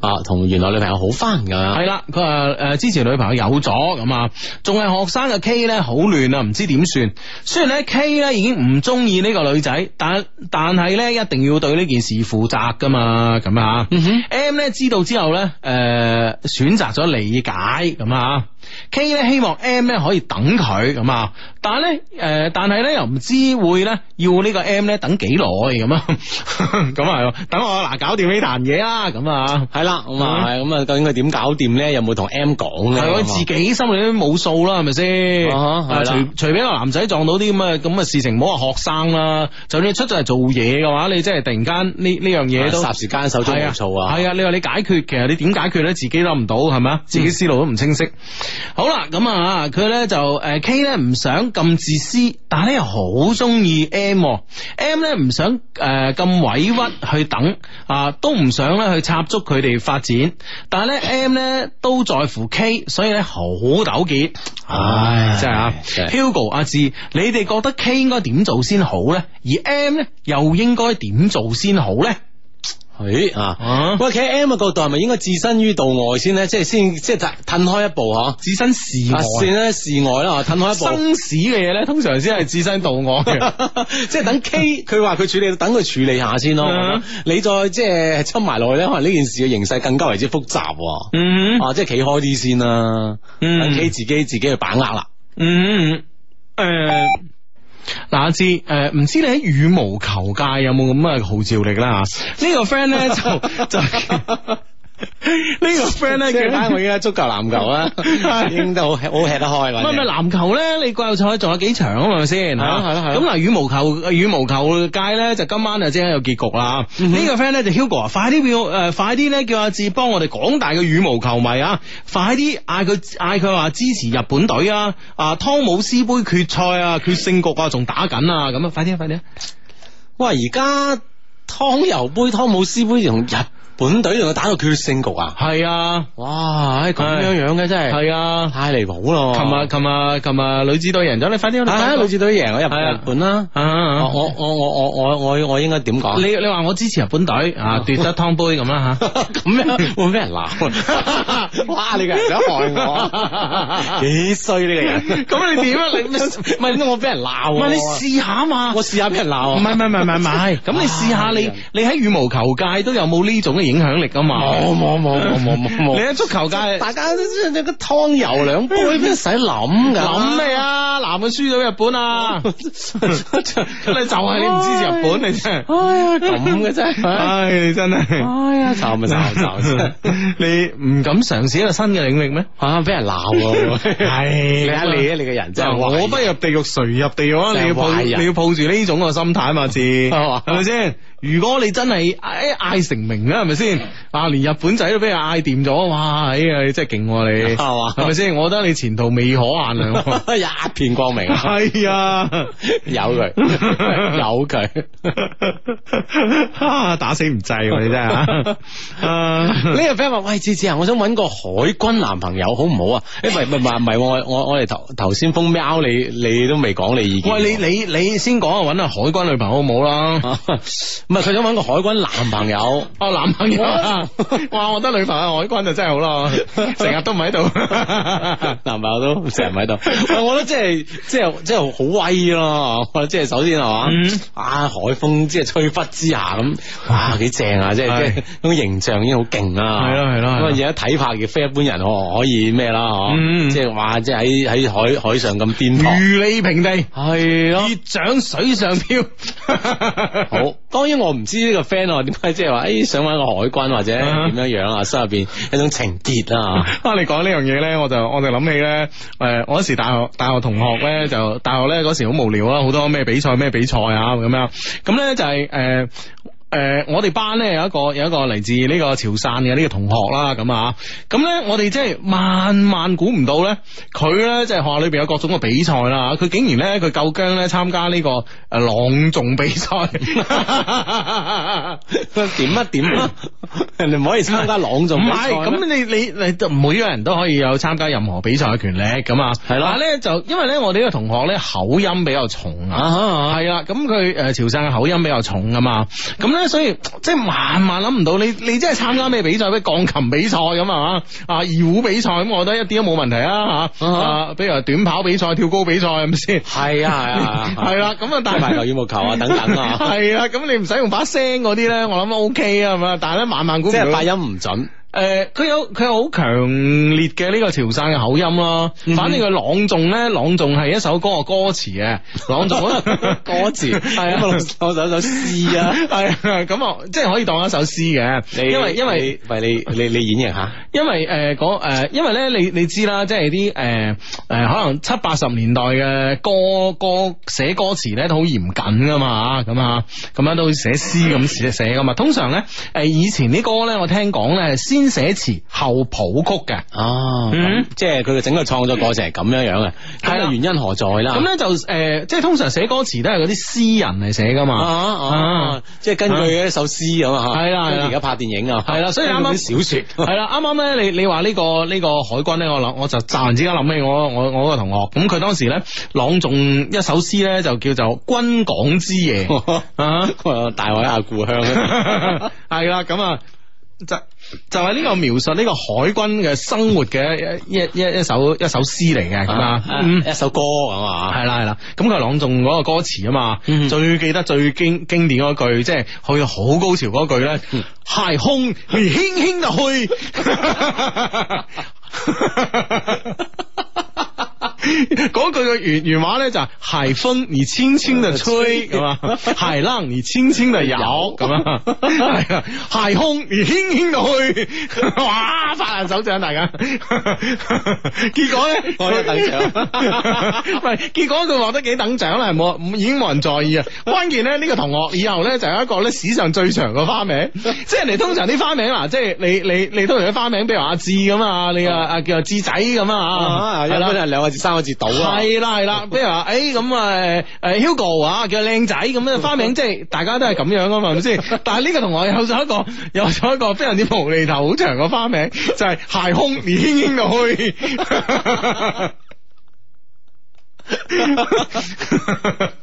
啊，同原來女朋友好翻噶，係啦，佢話，誒，之前女朋友有咗咁，仲係學生嘅 K 咧好亂啊，唔知點算。雖然咧 K 咧已經唔中意呢個女仔，但但係咧一定要對呢件事負責噶嘛。咁、嗯、哼 M 咧知道之後咧，誒、呃、選擇咗理解咁啊。K 咧希望 M 咧可以等佢咁，但咧誒、呃、但係咧又唔知會咧，要呢個 M 咧等幾耐咁啊？咁係，等我嗱搞掂呢壇嘢啊！咁啊，係啦，咁咁究竟佢點搞掂咧？有冇同 M 講咧？係佢自己心裏都冇數啦，係咪先？係啦，隨隨便個男仔撞到啲咁嘅咁嘅事情，唔好話學生啦。就算出咗嚟做嘢嘅話，你真係突然間呢呢樣嘢都霎時間手足無措啊！係啊！你話你解決，其實你點解決咧？自己諗唔到係咪啊？自己思路都唔清晰。好啦，咁啊，佢咧就誒 K 咧唔想咁自私，但係咧又好中意。M，M 咧唔想誒咁、呃、委屈去等，啊、呃、都唔想咧去插足佢哋發展，但係咧 M 咧都在乎 K，所以咧好糾結，唉，真係是啊，Hugo 阿志，你哋覺得 K 應該點做先好咧？而 M 咧又應該點做先好咧？誒咦啊，喂，企喺 M 嘅角度係咪應該置身於度外先咧？即係先即係褪開一步吓，置身事外咧，事外啦，褪開一步。啊、一步生死嘅嘢咧，通常先係置身度外， 即係等 K，佢話佢處理，等佢處理下先咯。啊、你再即係出埋落去咧，可能呢件事嘅形勢更加為之複雜。嗯，啊，即係企開啲先啦，等 K 自己自己，自己去把握啦、嗯，嗯，誒、嗯。嗯嗱，阿芝、啊，誒，唔、呃、知你喺羽毛球界有冇咁嘅號召力啦？吓， 呢個 friend 咧就就。就 個呢個 friend 咧，其晚我已經足球籃球啦，已經都好好吃得開。咁啊，籃球咧，你季後賽仲有幾場 啊？係咪先？係咯、啊，係咯。咁嗱，羽毛球，羽毛球界咧就今晚即刻有結局啦。 個呢個 friend 咧就是、Hugo，快啲叫誒，快啲咧叫阿志幫我哋廣大嘅羽毛球迷，啊，快啲嗌佢嗌佢話支持日本隊啊！啊湯姆斯杯決賽、啊、決勝局啊，仲打緊啊！咁啊，快啲、啊，快啲、啊！喂，而家湯尤杯、湯姆斯杯同日。本隊同佢打到決勝局啊，係啊，哇，咁樣樣嘅真係，係啊太離譜咯！琴日，琴日，琴日女子隊贏咗，你快啲，快啲，女子隊贏啊，入日本啦！我我我我我我我應該點講？你你話我支持日本隊奪得湯杯咁啦吓，咁樣會唔會俾人鬧？哇！你個人想害我？幾衰呢個人？咁你點啊？你唔係我俾人鬧？你試下啊嘛！我試下俾人鬧？唔係唔係唔係唔係，咁你試下你你喺羽毛球界都有冇呢種？影響力噶嘛？冇冇冇冇冇冇！冇。你喺足球界，大家一個湯油兩杯，邊使諗噶諗咩啊？男嘅輸咗畀日本啊！你就係你唔支持日本你真係？哎呀，咁嘅真係，哎，真係，哎呀，巢咪巢巢！你唔敢嘗試一個新嘅領域咩？啊，俾人鬧係你啊！你啊！你嘅人真係，我不入地獄，誰入地獄？你要你要抱住呢種嘅心態啊嘛，先係咪先？如果你真係唉嗌，成名啦，係咪先？連日本仔都俾人嗌掂咗，哇！哎呀，你真係勁你，係咪先？我覺得你前途未可限量，一片光明。係啊，有佢，有佢，打死唔制，你真係吓。呢個 friend 話：喂，智智，我想搵個海軍男朋友，好唔好啊？誒，唔係唔係唔係，我我我哋頭頭先封咪，你你都未講你意見。喂，你你你先講，搵個海軍女朋友好唔好啦？佢想揾個海軍男朋友，哦，男朋友，哇！我覺得女朋友海軍就真係好咯，成日都唔喺度，男朋友都成日唔喺度。我覺得即係即係即係好威咯，即係首先係嘛，啊海風即係吹拂之下咁，哇幾正啊！即係嗰個形象已經好勁啊。係咯係咯，咁啊而家睇怕嘅非一般人可可以咩啦，嗬！即係哇，即係喺喺海海上咁顛如履平地係咯，魚掌水上漂。好，當然我唔知呢個 friend 點解即係話，誒，想搵個海軍或者點樣樣啊？心入邊一種情結啊，啊！你講呢樣嘢咧，我就我就諗起咧，誒、呃，我嗰時大學大學同學咧就大學咧嗰時好無聊啊，好多咩比賽咩比賽啊咁樣，咁咧就係、是、誒。呃誒，我哋班咧有一個有一個嚟自呢個潮汕嘅呢個同學啦，咁、嗯、啊，咁咧我哋即係萬萬估唔到咧，佢咧即係學校裏邊有各種嘅比賽啦，佢竟然咧佢夠薑咧參加呢個誒朗誦比賽，點乜點啊？人哋唔可以參加朗誦，唔係、嗯，咁你你你就每個人都可以有參加任何比賽嘅權利，咁啊係啦，但係咧就因為咧我哋呢個同學咧口音比較重啊，係、啊、啦，咁佢誒潮汕嘅口音比較重啊嘛，咁、啊、咧。啊所以即係萬萬諗唔到你，你你真係參加咩比賽？咩鋼琴比賽咁啊？啊，二胡比賽咁，我覺得一啲都冇問題啊！吓、uh huh. 啊，比如話短跑比賽、跳高比賽係咪先？係 啊，係啊，係啦，咁啊，打排球、羽毛球啊，等等啊，係 啊，咁你唔使用，用把聲嗰啲咧，我諗都 O K 啊，係嘛？但係咧，萬萬估唔到，即係發音唔準。誒，佢有佢有好強烈嘅呢個潮汕嘅口音啦，反正佢朗誦咧，朗誦係一首歌嘅歌詞嘅朗誦，歌詞係啊，我首首詩啊，係啊，咁啊，即係可以當一首詩嘅。因為因為喂你你你演繹下，因為誒嗰誒，因為咧你你知啦，即係啲誒誒，可能七八十年代嘅歌歌寫歌詞咧都好嚴謹噶嘛，咁啊咁樣都寫詩咁寫寫噶嘛。通常咧誒以前啲歌咧，我聽講咧先。先寫詞後譜曲嘅，啊，嗯、即係佢哋整個創作過程係咁樣 樣嘅，係啊的原因何在啦？咁咧就誒，嗯嗯嗯嗯、即係通常寫歌詞都係嗰啲詩人嚟寫噶嘛，即係根據一首詩咁啊，係啦，而家拍電影啊，係啦，所以啱啱小說，係啦，啱啱咧，你你話呢個呢個海軍咧，我諗我就霎時間諗起我我我個同學，咁佢當時咧朗誦一首詩咧，就叫做《軍港之夜》， 啊， 大海下故鄉，故鄉咧，係啦，咁。就就係呢個描述呢、呢個海軍嘅生活嘅一一一一首一首詩嚟嘅，咁啊，一首，一首歌咁啊嘛，係啦係啦，咁佢朗誦嗰個歌詞啊嘛，嗯、哼最記得最經經典嗰句，即係去好高潮嗰句咧，嗨、嗯、哼空，而輕輕就去。 講句嘅原原話咧就係、是、鞋風而輕輕的吹咁，海浪而輕輕的搖咁，係啊，海空而輕輕去，哇！發爛手掌大家，結果咧獲得第獎，唔 結果佢獲得幾等獎咧冇，已經冇人在意啊！關鍵咧呢、這個同學以後咧就有一個咧史上最長嘅花名，即係你通常啲花名啦，即係你你你，你通常啲花名，比如阿志咁啊，你阿、嗯、叫阿志仔咁啊，一般係兩字開始賭啊！係啦係啦，比如話，誒、欸，咁啊，誒、欸，Hugo 啊，叫靚仔咁嘅花名，就是，即係大家都係咁樣啊嘛，係咪先？但係呢個同學有咗一個有咗一個非常之無厘頭好長嘅花名，就係、是、鞋空而輕輕就去。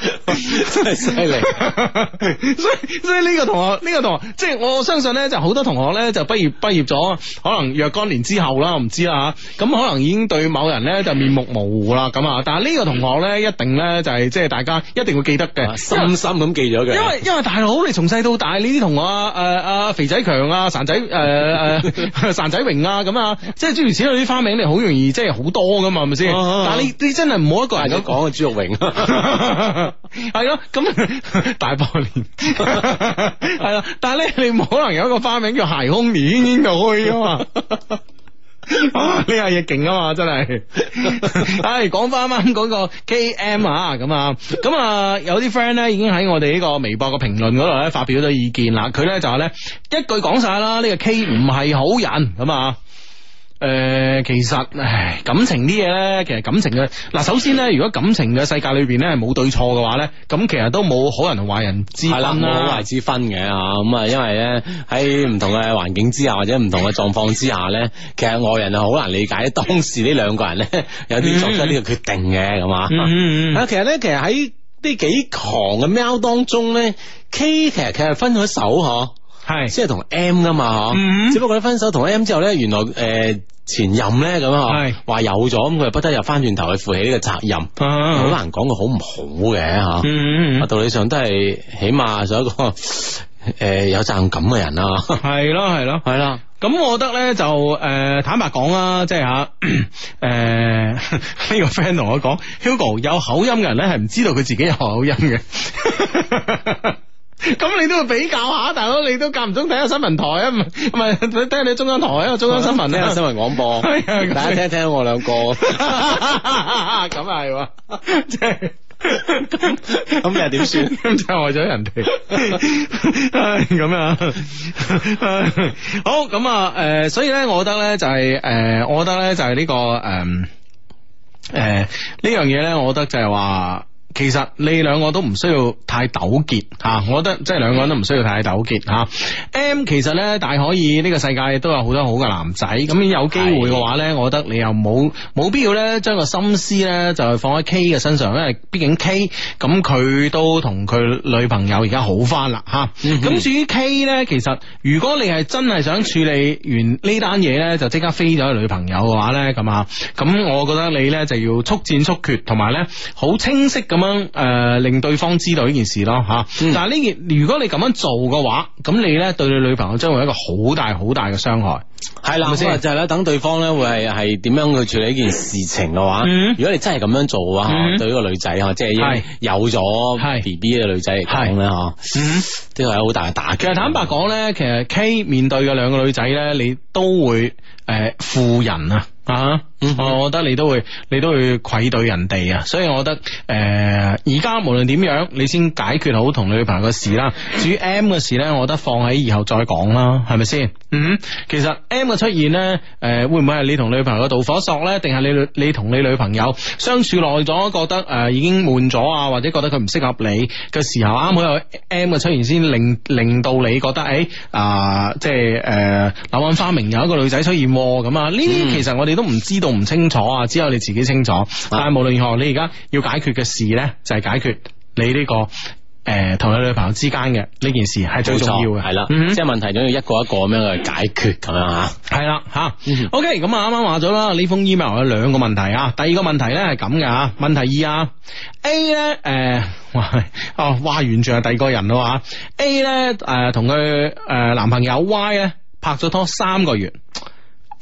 真係犀利，所以所以呢個同學呢、這個同學，即係我相信呢，就好多同學呢就畢業畢業咗，可能若干年之後啦，我唔知啦，咁可能已經對某人呢就面目模糊啦咁。啊，但係呢個同學呢，一定呢，就係即係大家一定會記得嘅、啊，深深咁記咗嘅。因為因為大佬，你從細到大呢啲同學、呃、啊，肥仔強啊，孱仔誒誒孱仔榮啊，咁啊，即係諸如此類啲花名，你好容易即係好多噶嘛，係咪先？啊啊、但係你你真係唔好一個人咁講朱玉榮。啊啊啊啊係咯，咁 大波多年係啦， 但係咧，你冇可能有一個花名叫鞋空年就去 啊嘛？呢下嘢勁啊嘛，真係！唉， 講翻啱嗰個 K M 啊，咁咁啊，有啲 friend 咧已經喺我哋呢個微博嘅評論嗰度咧發表咗意見啦。佢、啊、咧就係、是、咧一句講晒啦，呢、這個 K 唔係好人咁啊。誒、呃，其實，唉，感情啲嘢咧，其實感情嘅，嗱，首先咧，如果感情嘅世界裏邊咧係冇對錯嘅話咧，咁其實都冇好人同壞人之分啦，冇好壞之分嘅吓，咁啊、嗯，因為咧喺唔同嘅環境之下或者唔同嘅狀況之下咧，其實外人啊好難理解當時呢兩個人咧 有啲作出呢個決定嘅，咁嘛、嗯，嗯、啊，其實咧，其實喺呢幾狂嘅喵當中咧，K 其實其實分咗手嗬，係是，即係同 M 噶嘛嗬，啊嗯、只不過咧分手同 M 之後咧，原來誒。呃呃前任咧咁啊，話有咗咁佢又不得又翻轉頭去負起呢個責任，啊、難好難講佢好唔好嘅吓。嗯，嗯，嗯，道理上都係起碼做一個誒、呃、有責任感嘅人啦。係咯，係咯，係啦。咁的的我覺得咧就誒、呃、坦白講啦，即係吓誒呢個 friend 同我講，Hugo 有口音嘅人咧係唔知道佢自己有口音嘅。 咁你都要比較下，大佬你都間唔中睇下新聞台，唔係睇下你，你中央台，中央新聞，中央新聞廣播，哎、大家聽聽我兩個，咁係，即係咁又點算？就係為咗人哋咁 樣、啊哎，好咁誒、啊呃，所以咧，我覺得咧就係、是、誒，我覺得咧就係呢個誒誒呢樣嘢咧，我覺得就係話、這個。呃呃其實你兩個都唔需要太糾結吓，啊，我覺得即係兩個人都唔需要太糾結吓，啊。M 其實咧大可以，呢個世界都有好多好嘅男仔，咁有機會嘅話咧，我覺得你又冇冇必要咧將個心思咧就放喺 K 嘅身上，因為畢竟 K 咁佢都同佢女朋友而家好翻啦吓。咁，啊，嗯哼，咁至於 K 咧，其實如果你係真係想處理完呢單嘢咧，就即刻飛咗去女朋友嘅話咧，咁啊，咁我覺得你咧就要速戰速決，同埋咧好清晰咁。咁樣誒、呃，令對方知道呢件事咯吓，啊嗯、但係呢件如果你咁樣做嘅話，咁你咧對你女朋友將會一個好大好大嘅傷害，係啦的，就係、是、咧等對方咧會係係點樣去處理呢件事情嘅話，嗯、如果你真係咁樣做嘅話，嗯、對個女仔吓，嗯、即係有咗 BB 嘅女仔嚟講咧吓，呢個係好大嘅打擊。其實坦白講咧，其實 K 面對嘅兩個女仔咧，你都會誒負、呃、人啊啊！嗯， 我覺得你都會，你都會愧對人哋啊，所以我覺得，誒、呃，而家無論點樣，你先解決好同女朋友嘅事啦。至於 M 嘅事咧，我覺得放喺以後再講啦，係咪先？嗯，其實 M 嘅出現咧，誒、呃，會唔會係你同女朋友嘅導火索咧？定係你你同你，你女朋友相處耐咗，覺得誒、呃、已經悶咗啊，或者覺得佢唔適合你嘅時候，啱、呃、好有 M 嘅出現，先令令到你覺得，誒、欸，啊、呃，即係誒柳暗花明有一個女仔出現咁啊？呢啲其實我哋都唔知道。唔清楚啊，只有你自己清楚。啊、但係無論如何，你而家要解決嘅事咧，就係、是、解決你呢、這個誒、呃、同你女朋友之間嘅呢件事係最重要嘅，係啦。嗯、哼即係問題，總要一個一個咁樣去解決咁樣、嗯、哼啊，係啦、嗯哼，吓、okay。OK，咁啱啱話咗啦，呢封 email 有兩個問題。第二個問題咧係咁嘅吓，問題二啊 A 咧誒，哦、呃，哇完全係第二個人咯吓。A 咧誒，同佢誒男朋友 Y 咧拍咗拖三個月。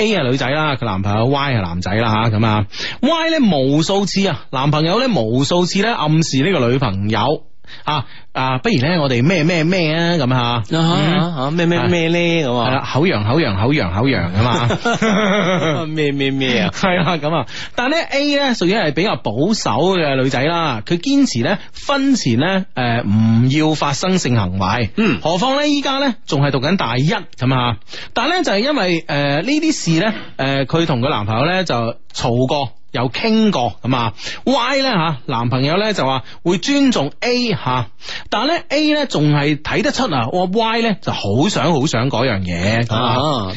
A 係女仔啦，佢男朋友 Y 係男仔啦吓，咁啊 Y 咧無數次啊，男朋友咧無數次咧暗示呢個女朋友。啊啊！不如咧，我哋咩咩咩啊咁哈吓，咩咩咩咧咁，啊，口羊口羊口羊口羊啊嘛，咩咩咩啊，係啊、 嗯，咁。啊。但係咧 A 咧屬於係比較保守嘅女仔啦，佢堅持咧婚前咧誒唔要發生性行為，嗯，何況咧依家咧仲係讀緊大一咁啊。但係咧就係因為誒呢啲事咧，誒佢同佢男朋友咧就嘈過。有傾過咁啊，Y 咧吓，男朋友咧就話會尊重 A 吓，但係咧 A 咧仲係睇得出很想很想啊，我 Y 咧就好想好想嗰樣嘢，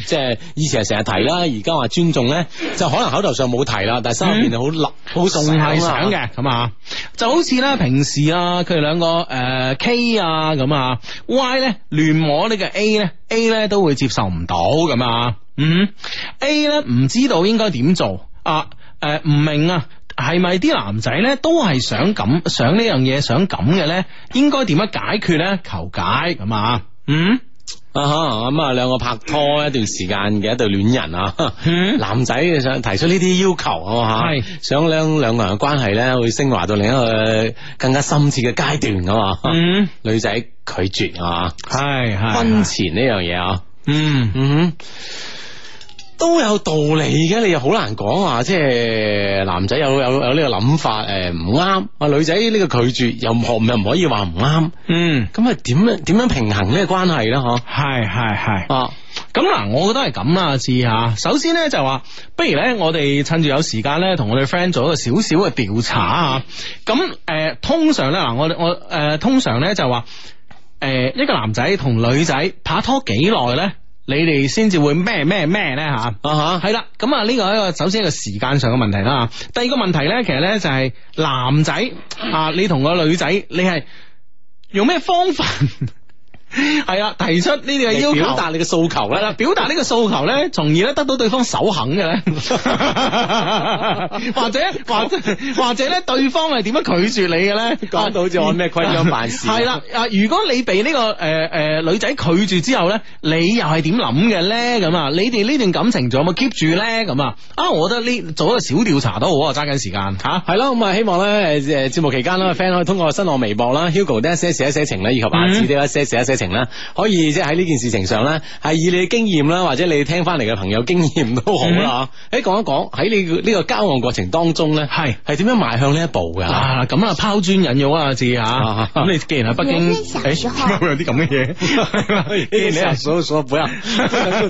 即係以前係成日提啦，而家話尊重咧就可能口頭上冇提啦，但係心入邊係好立好仲係想嘅，咁啊，就好似咧平時佢哋兩個誒、呃、K 啊咁，Y 啊咧亂摸呢個 A 咧，A 咧都會接受唔到咁，嗯，A 咧唔知道應該點做啊。誒，唔、uh, 明啊，係咪啲男仔咧都係想咁想呢樣嘢想咁嘅咧？應該點樣解決咧？求解咁、嗯、啊？嗯，啊哈，咁啊兩個拍拖一段時間嘅一對戀人啊， 男仔想提出呢啲要求啊，嘛是，想將兩個人嘅關係咧會升華到另一個更加深切嘅階段咁啊？嗯，女仔拒絕啊，係嘛？係係婚前呢樣嘢啊？嗯嗯。都有道理嘅，你又好難講話，即係男仔有有有呢個諗法，誒唔啱，女仔呢個拒絕又唔又唔可以話唔啱，嗯，咁啊點樣點樣平衡呢個關係咧？嗬，係係係，哦，咁嗱、啊，我覺得係咁啦，阿志吓，首先咧就話，不如咧我哋趁住有時間咧，同我哋 friend 做一個少少嘅調查啊，咁誒、嗯呃、通常咧，我哋，我誒、呃、通常咧就話，誒、呃、一個男仔同女仔拍拖幾耐咧？你哋先至會咩咩咩咧？吓啊，吓，係啦。咁啊，呢個係一個首先一個時間上嘅問題啦，第二個問題咧，其實咧就係男仔啊，你同個女仔你係用咩方法？ 係啦、啊，提出呢啲係要求，達求，但係你嘅訴求咧，表達呢個訴求咧，從而咧得到對方首肯嘅咧，或者或或者咧，對方係點樣拒絕你嘅咧，講到好似我咩規章辦事。係啦，啊，如果你被呢、這個誒誒、呃呃、女仔拒絕之後咧，你又係點諗嘅咧？咁啊，你哋呢段感情仲有冇 keep 住咧？咁啊，啊，我覺得呢做一個小調查都好，啊、mm.，揸緊時間吓，係咯，咁啊，希望咧誒節目期間啦，friend 可以通過新浪微博啦，Hugo 寫一寫情咧，以及文字啲啦，寫一寫啦，可以即係喺呢件事情上咧，係以你嘅經驗啦，或者你聽翻嚟嘅朋友經驗都好啦。吓，講一講喺你呢個交往過程當中咧，係係點樣邁向呢一步噶？咁啊拋磚引玉先吓。咁你既然喺北京，誒，有啲咁嘅嘢，你啊所數本啊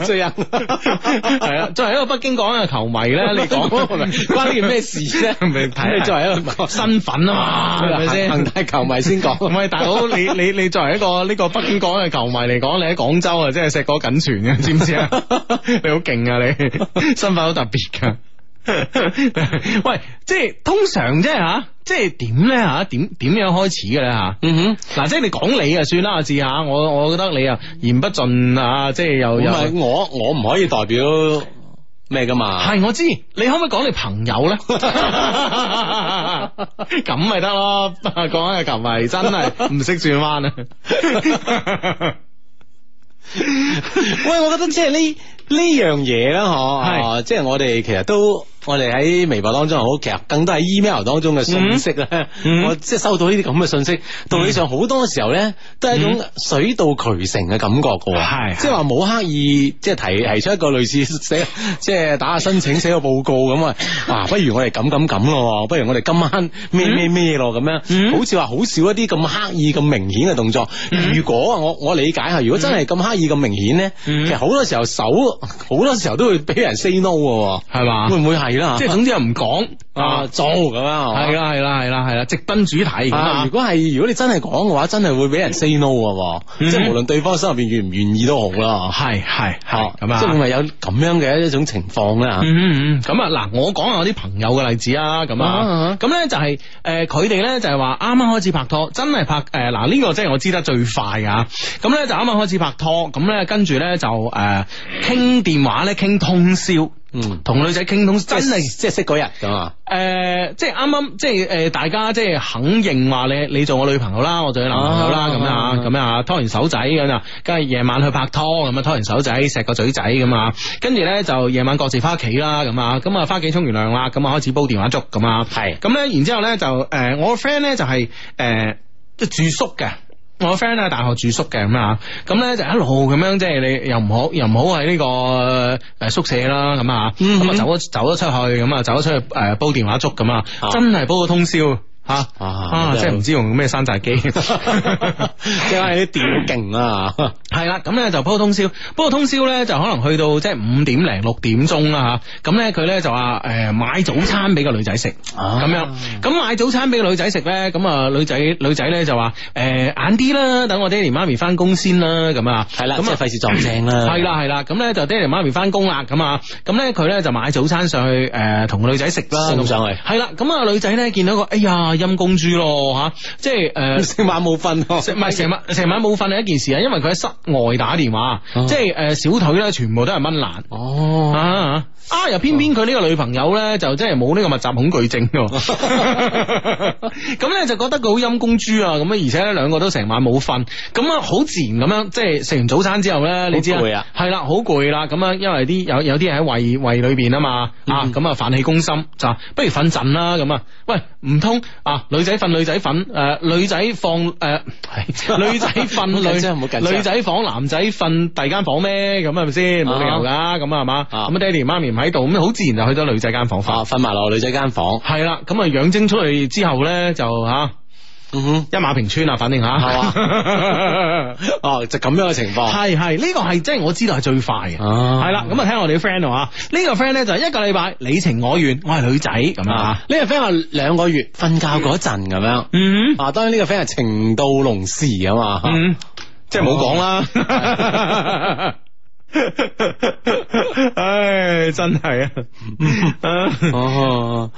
追係啊，作為一個北京港人球迷咧，你講係關呢件咩事啫？唔明，睇你作為一個身份啊嘛，係咪先恆大球迷先講。喂，大佬，你你你作為一個呢個北京。講嘅球迷嚟講，你喺廣州啊，真係碩果僅存啊，知唔知 啊？你好勁 啊！你身份好特別噶。喂，即係通常即係吓，即係點咧吓？點點樣開始嘅咧吓？嗯哼，嗱、啊，即係你講你啊，算啦，阿知吓。我我覺得你啊，言不盡啊，即係又有。係我，我唔可以代表。咩噶嘛？係我知，你可唔可以講你朋友咧？咁咪得咯，講嘅琴迷真係唔識轉彎啊！ 喂，我覺得即係呢呢樣嘢咧，嗬、啊，是即係我哋其實都。我哋喺微博當中好，其實更多喺 email 當中嘅信息咧，嗯、我即係收到呢啲咁嘅信息，道理上好、嗯、多時候咧，都係一種水到渠成嘅感覺嘅，係、嗯、即係話冇刻意，即係提提出一個類似寫，即係打下申請、寫個報告咁啊，不如我哋咁咁咁咯，不如我哋今晚咩咩咩咯咁樣，嗯、好似話好少一啲咁刻意、咁明顯嘅動作。嗯、如果我我理解下，如果真係咁刻意、咁明顯咧，嗯、其實好多時候手，好多時候都會俾人 say no 嘅，係嘛吧？會唔會係？啦，即係總之又唔講做咁啊，係啦係啦係啦係啦，直奔主題。的如果係如果你真係講嘅話，真係會俾人 say no，嗯、哼即係無論對方心入邊願唔願意都好啦。係係係，咁啊，即係會唔會有咁樣嘅一種情況啦。咁啊、嗯，嗱、嗯，我講下我啲朋友嘅例子啊，咁、嗯、啊，咁、嗯、咧、嗯嗯嗯嗯、就係、是、誒，佢哋咧就係話啱啱開始拍拖，真係拍誒嗱呢個即係我知得最快噶，咁、啊、咧、嗯、就啱啱開始拍拖，咁咧跟住咧就誒傾電話咧傾通宵。嗯嗯，同女仔傾通真係即係識嗰日咁啊，誒、嗯呃，即係啱啱即係誒、呃，大家即係肯認話你你做我女朋友啦，我做你男朋友啦，咁啊咁啊，拖完手仔咁啊，梗係夜晚去拍拖咁啊，拖完手仔錫個嘴仔咁啊，跟住咧就夜晚各自翻屋企啦，咁啊，咁啊翻屋企沖完涼啦，咁啊開始煲電話粥咁啊，係，咁咧是然之後咧就誒、呃，我 friend 咧就係、是、誒、呃，即住宿嘅。我 friend 喺大學住宿嘅，咁啊，咁咧就一路咁樣即係你又唔好又唔好喺呢個誒宿舍啦，咁啊，咁啊走咗走咗出去，咁啊走咗出去誒煲電話粥咁啊，真係煲到通宵。吓啊！即係唔知用咩山寨機，即係啲電勁啊！係啦，咁咧就煲通宵，不過通宵咧就可能去到即係五點零六點鐘啦吓。咁咧佢咧就話誒買早餐俾個女仔食，咁樣咁買早餐俾個女仔食咧，咁啊女仔女仔咧就話誒晏啲啦，等我爹哋媽咪翻工先啦，咁啊係啦，咁啊費事撞正啦，係啦係啦，咁咧就爹哋媽咪翻工啦，咁啊咁咧佢咧就買早餐上去誒同個女仔食啦，送上去係啦，咁啊女仔咧見到個哎呀！陰公豬咯吓，即係誒，成、呃、晚冇瞓，唔係成晚成晚冇瞓係一件事啊，因為佢喺室外打電話，啊、即係誒、呃，小腿咧全部都係蚊瘌哦吓。啊啊啊！又偏偏佢呢個女朋友咧，就真係冇呢個密集恐懼症，咁 咧、嗯 嗯、就覺得佢好陰公豬啊！咁啊，而且咧兩個都成晚冇瞓，咁啊好自然咁樣，即係食完早餐之後咧，啊、你知啊，係啦，好攰啦，咁啊，因為啲有有啲人喺胃胃裏邊啊嘛，啊咁啊，飯、嗯、氣、嗯、攻心，就不如瞓陣啦，咁啊，喂，唔通啊女仔瞓女仔瞓，誒女仔放誒，女仔瞓女、呃、女仔房，男仔瞓第二間房咩？咁係咪先冇理由噶？咁係嘛？咁啊，爹哋媽咪。啊啊啊唔喺度，咁好自然就去咗女仔間房，瞓埋落女仔間房，係啦，咁啊，養精出去之後咧，就吓，哼，一馬平川啊，反正吓，係嘛，哦，就咁樣嘅情況，係係，呢個係即係我知道係最快嘅，係啦，咁啊，聽我哋嘅 friend 啊，呢個 friend 咧就一個禮拜你情我願，我係女仔咁啊，呢個 friend 話兩個月瞓覺嗰陣咁樣，嗯啊，當然呢個 friend 係情到濃時啊嘛，嗯，即係冇講啦。唉，真係啊！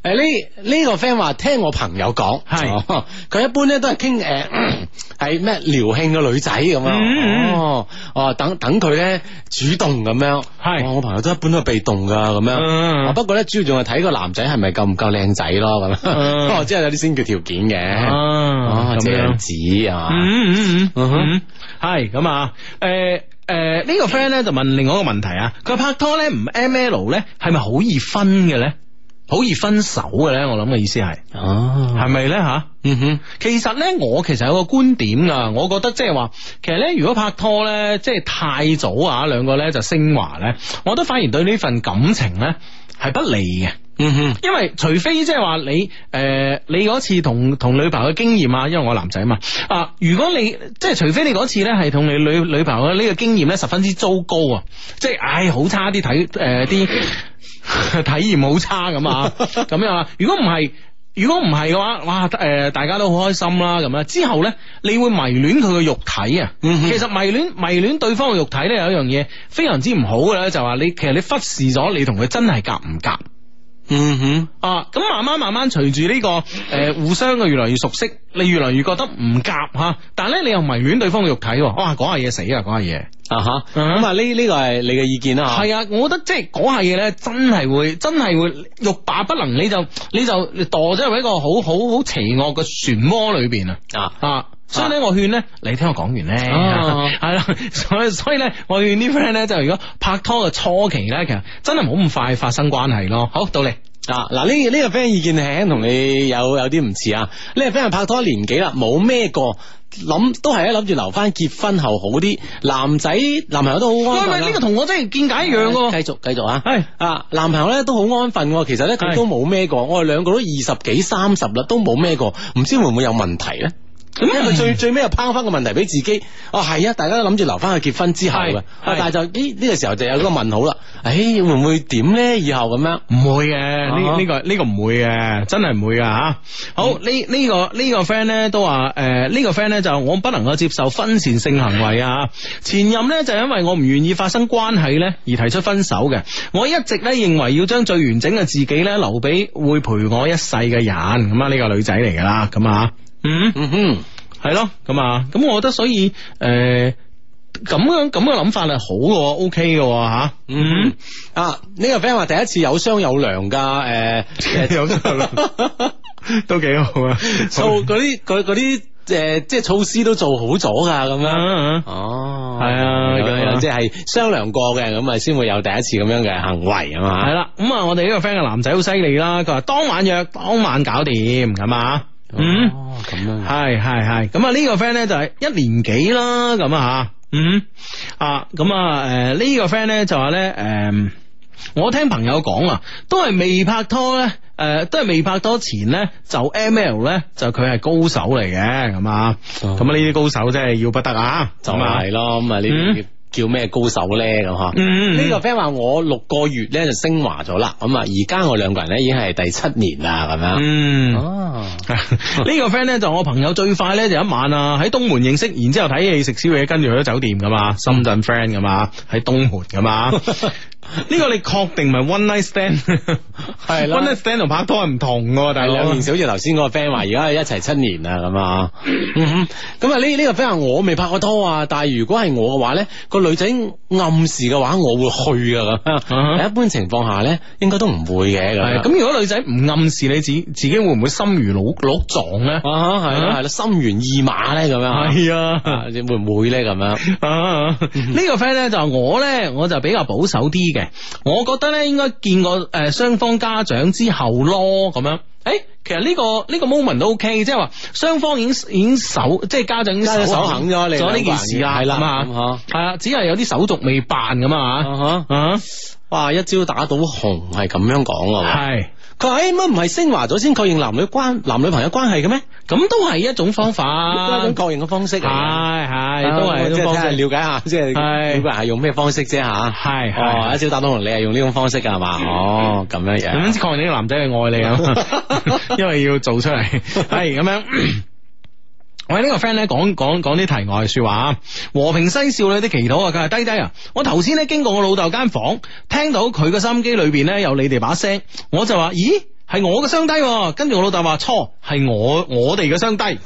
誒呢呢個 friend 話聽我朋友講，係佢一般咧都係傾誒，係咩撩慶嘅女仔咁啊？哦，等等佢咧主動咁樣，係我朋友都一般都係被動噶咁樣。不過咧主要仲係睇個男仔係咪夠唔夠靚仔咯咁。哦，即係有啲先叫條件嘅，啊，正子啊，係咁誒。誒，呢、呃這個 friend 咧就問另外一個問題啊，佢拍拖咧唔 M L 咧，係咪好易分嘅咧，好易分手嘅咧？我諗嘅意思係，哦，係咪咧吓？嗯哼，其實咧，我其實有個觀點啊，我覺得即係話，其實咧，如果拍拖咧，即係太早啊，兩個咧就升華咧，我都反而對呢份感情咧係不利嘅。嗯哼，因為除非即係話你誒、呃，你嗰次同同女朋友嘅經驗啊，因為我男仔嘛啊，如果你即係除非你嗰次咧係同你女女朋友呢個經驗咧十分之糟糕啊，即、就、係、是、唉好、哎、差啲體誒啲、呃、體驗好差咁啊，咁 樣啊，如果唔係如果唔係嘅話，哇誒、呃、大家都好開心啦咁啦，之後咧你會迷戀佢嘅肉體啊，嗯、哼其實迷戀迷戀對方嘅肉體咧有一樣嘢非常之唔好嘅咧，就話、是、你、就是、你其實你忽視咗你同佢真係夾唔夾？嗯哼，啊，咁慢慢慢慢隨住呢個誒、呃、互相嘅越來越熟悉，你越來越覺得唔夾吓，但係咧你又迷戀對方嘅肉體，哇講下嘢死、那個、啊講下嘢啊吓哈，咁啊呢呢個係你嘅意見啦，係啊，啊，我覺得即係講下嘢咧，真係會真係會欲罷不能，你就你就墮咗入一個好好好邪惡嘅漩渦裏邊啊啊！啊啊、所以咧，我勸咧，你聽我講完咧，係啦、哦， 所以所以咧，我勸啲 friend 咧，就如果拍拖嘅初期咧，其實真係冇咁快發生關係咯。好，到你啊，嗱呢呢個 friend 意見係同你有有啲唔似啊。呢、這個 friend 拍拖一年幾啦，冇咩個諗，都係喺諗住留翻結婚後好啲。男仔男朋友都好安分，唔係呢個同我真係見解一樣。繼續繼續啊，係的啊，男朋友咧都好安分，其實咧佢都冇咩個，的我哋兩個都二十幾三十啦，都冇咩個，唔知會唔會有問題咧？咁因為最 最尾又拋翻個問題俾自己，哦係啊，大家都諗住留翻去結婚之後嘅，是的 但係就呢呢、這個時候就有嗰個問號啦。誒、哎、會唔會點咧？以後咁樣唔會嘅，呢呢、啊這個呢、這個唔、這個、會嘅，真係唔會嘅吓、啊。好、嗯這個這個、呢、呃這個、呢個呢個 friend 咧都話誒呢個 friend 咧就是、我不能夠接受婚前性行為啊。前任咧就是、因為我唔願意發生關係咧而提出分手嘅。我一直咧認為要將最完整嘅自己咧留俾會陪我一世嘅人。咁啊呢個女仔嚟噶啦咁啊。Mm hmm. 嗯嗯哼嗯，係咯咁啊，咁，我覺得所以誒咁、呃、樣咁嘅諗法係好嘅，OK 嘅吓。嗯，啊呢、嗯哼啊這個 friend 話第一次有商有量噶，誒有都幾好啊！ 做嗰啲啲即係即係措施都做好咗噶咁樣。Uh uh uh 哦，係啊，咁、啊、了樣、啊、即係商量過嘅咁啊，先會有第一次咁樣嘅行為啊嘛。係啦，咁啊， 我哋呢個 friend 嘅男仔好犀利啦，佢話當晚約當晚搞掂係咪？嗯，咁、啊、樣係係係，咁啊呢個 friend 咧就係一年幾啦，咁啊，吓，嗯，啊，咁啊誒呢個 friend 咧就話、是、咧，誒、嗯，我聽朋友講啊，都係未拍拖咧，誒、呃，都係未拍拖前咧，就 ML 咧就佢係高手嚟嘅，咁、嗯、啊，咁啊呢啲高手真係要不得啊，就係咯，咁啊呢啲。叫咩高手咧咁吓？呢、嗯、個 friend 話我六個月咧就升華咗啦，咁啊，而家我兩個人咧已經係第七年啦咁樣。嗯，呢、哦、 個 friend 咧就我朋友最快咧就一晚啊喺東門認識，然之後睇戲食宵夜，跟住去咗酒店噶嘛，深圳 friend 噶嘛，喺東門噶嘛。嗯 呢個你確定唔係 one night stand？係 one night stand 同拍拖係唔同噶，但係兩件事。好似頭先嗰個 friend 話，而家一齊七年啊咁。咁呢呢個 friend 話我未拍過拖啊，但係如果係我嘅話咧，個女仔暗示嘅話我會去啊。咁一般情況下咧，應該都唔會嘅。咁，咁如果女仔唔暗示你自己自己會唔會心鹿鹿撞咧？啊，係啦係啦，心猿意馬咧咁樣。係啊， 會唔會咧咁樣？呢個 friend 咧就我咧我就比較保守啲嘅。我覺得咧應該見過誒雙、呃、方家長之後咯，咁樣。誒、欸，其實呢、這個呢、這個 moment 都 OK，即係話雙方已經已經手，即係家長已經手肯咗嚟咗呢件事啦係啦，咁嗬，係啊，只係有啲手續未辦咁啊，吓哇，一招打到紅，係咁樣講啊，係、啊。佢話誒，乜唔係升華咗先確認男女關男女朋友關係嘅咩？咁都係一種方法，嗯、確方一種確認嘅方式。係係，都係即係了解下，即係，只不過係用咩方式啫、啊、吓？係係，一朝打動你係用呢種方式噶係嘛？哦，咁樣嘢，咁確、嗯嗯、認個男仔係愛你咁， 因為要做出嚟，係咁樣。 我呢個 friend 咧，講講講啲題外說話，和平西少女啲祈禱啊，佢係低低啊。我頭先咧，經過我老豆間房，聽到佢個收音機裏邊咧有你哋把聲，我就話咦。係我嘅雙低，啊、低，跟住我老豆話錯，係我我哋嘅雙低。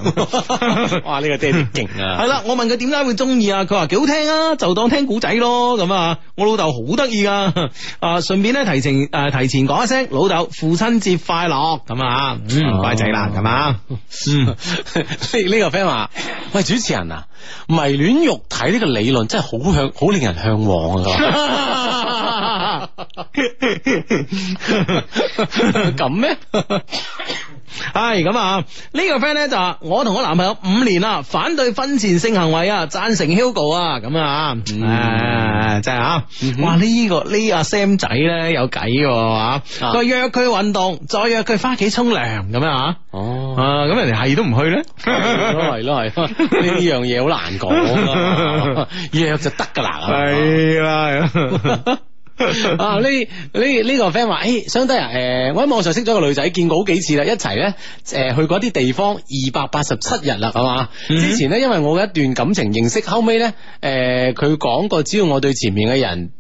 哇，呢、這個爹啲勁啊！係啦， 我問佢點解會中意啊？佢話幾好聽啊，就當聽古仔咯。咁啊，我老豆好得意噶。啊、呃，順便咧提前誒、呃，提前講一聲，老豆父親節快樂咁啊！乖仔啦，咁、嗯、啊。嗯，呢個 friend 話，喂，主持人啊，迷戀肉體呢個理論真係好向，好令人向往啊！ 咁 咩嗎？係咁呢個 friend 咧就話我同我男朋友五年啦，反對婚前性行為，贊成 Hugo 啊。咁啊！誒、嗯，真係、呃嗯這個這個、啊！哇、啊，呢個呢阿 Sam 仔咧有計嘅話，再約佢運動，再約佢翻屋企沖涼咁啊！哦、啊，咁、啊、人哋係都唔去咧？係咯係，呢樣嘢好難講，約就得噶啦，係啦。 啊，呢呢呢個 friend 話，誒、hey,，相啊，誒、呃，我喺網上識咗個女仔，見過好幾次啦，一齊咧，誒、呃，去過一啲地方，二百八十七日啦，係嘛？ 之前咧，因為我嘅一段感情認識，後尾咧，誒、呃，佢講過，只要我對前面嘅人。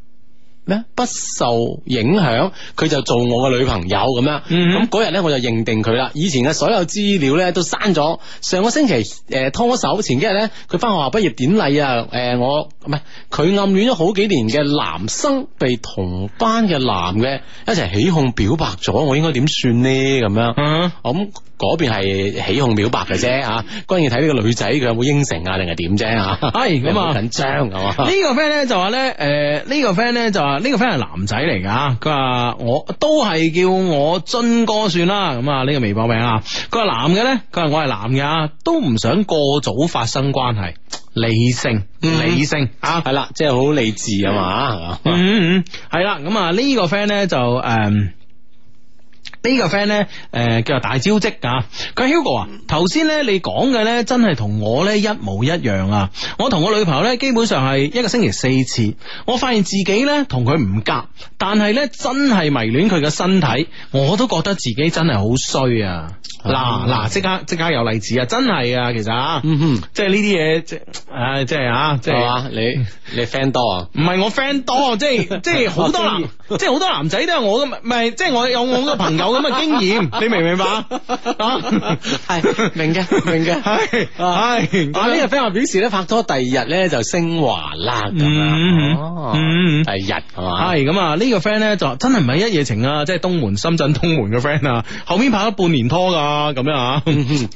咩不受影響，佢就做我嘅女朋友咁樣。咁嗰日咧，我就認定佢啦。以前嘅所有資料咧都刪咗。上個星期誒、呃，拖手前幾日咧，佢翻學校畢業典禮啊。誒、呃，我唔係佢暗戀咗好幾年嘅男生，被同班嘅男嘅一齊起哄表白咗，我應該點算呢？咁樣，嗯，哼嗯，咁。嗰邊係起哄表白嘅啫、啊，關鍵睇呢個女仔佢有冇應承啊，定係點啫？係咁緊張，係嘛？ 嗯、個呢、呃呢個 friend 咧就話咧，誒、呢個啊，呢個 friend 咧就話呢個 friend 係男仔嚟噶，佢話我都係叫我樽哥算啦，咁、嗯、呢、呢個微博名。佢話男嘅咧，佢話我係男嘅，都唔想過早發生關係，理性，理性，係、啊、啦，即係好理智啊嘛。嗯嗯嗯，係、嗯、啦，咁、嗯呢個、呢個 friend 咧就誒。嗯呢個 friend 呢，誒、呃，叫做大招職啊。佢 Hugo 啊，頭先呢你講嘅呢真係同我呢一模一樣啊。我同我女朋友呢基本上係一個星期四次。我發現自己呢同佢唔夾，但係呢真係迷戀佢嘅身體。我都覺得自己真係好衰啊！嗱嗱，即刻即刻有例子啊！真係啊，其實啊，嗯哼，即係呢啲嘢啊，即係啊，即係話你你 friend 多啊？唔係我 friend 多，即係即係好多男，即係好多男仔都係我唔係，即係我有我好多朋友咁嘅經驗，你明唔明白啊？係明嘅，明嘅，係係。呢個 friend 話表示咧，拍拖第二日咧就升華啦咁樣，哦，第二日係嘛？係咁啊？呢個 friend 咧就真係唔係一夜情啊！即係東門深圳東門嘅 friend，啊，後面拍咗半年拖噶咁樣啊？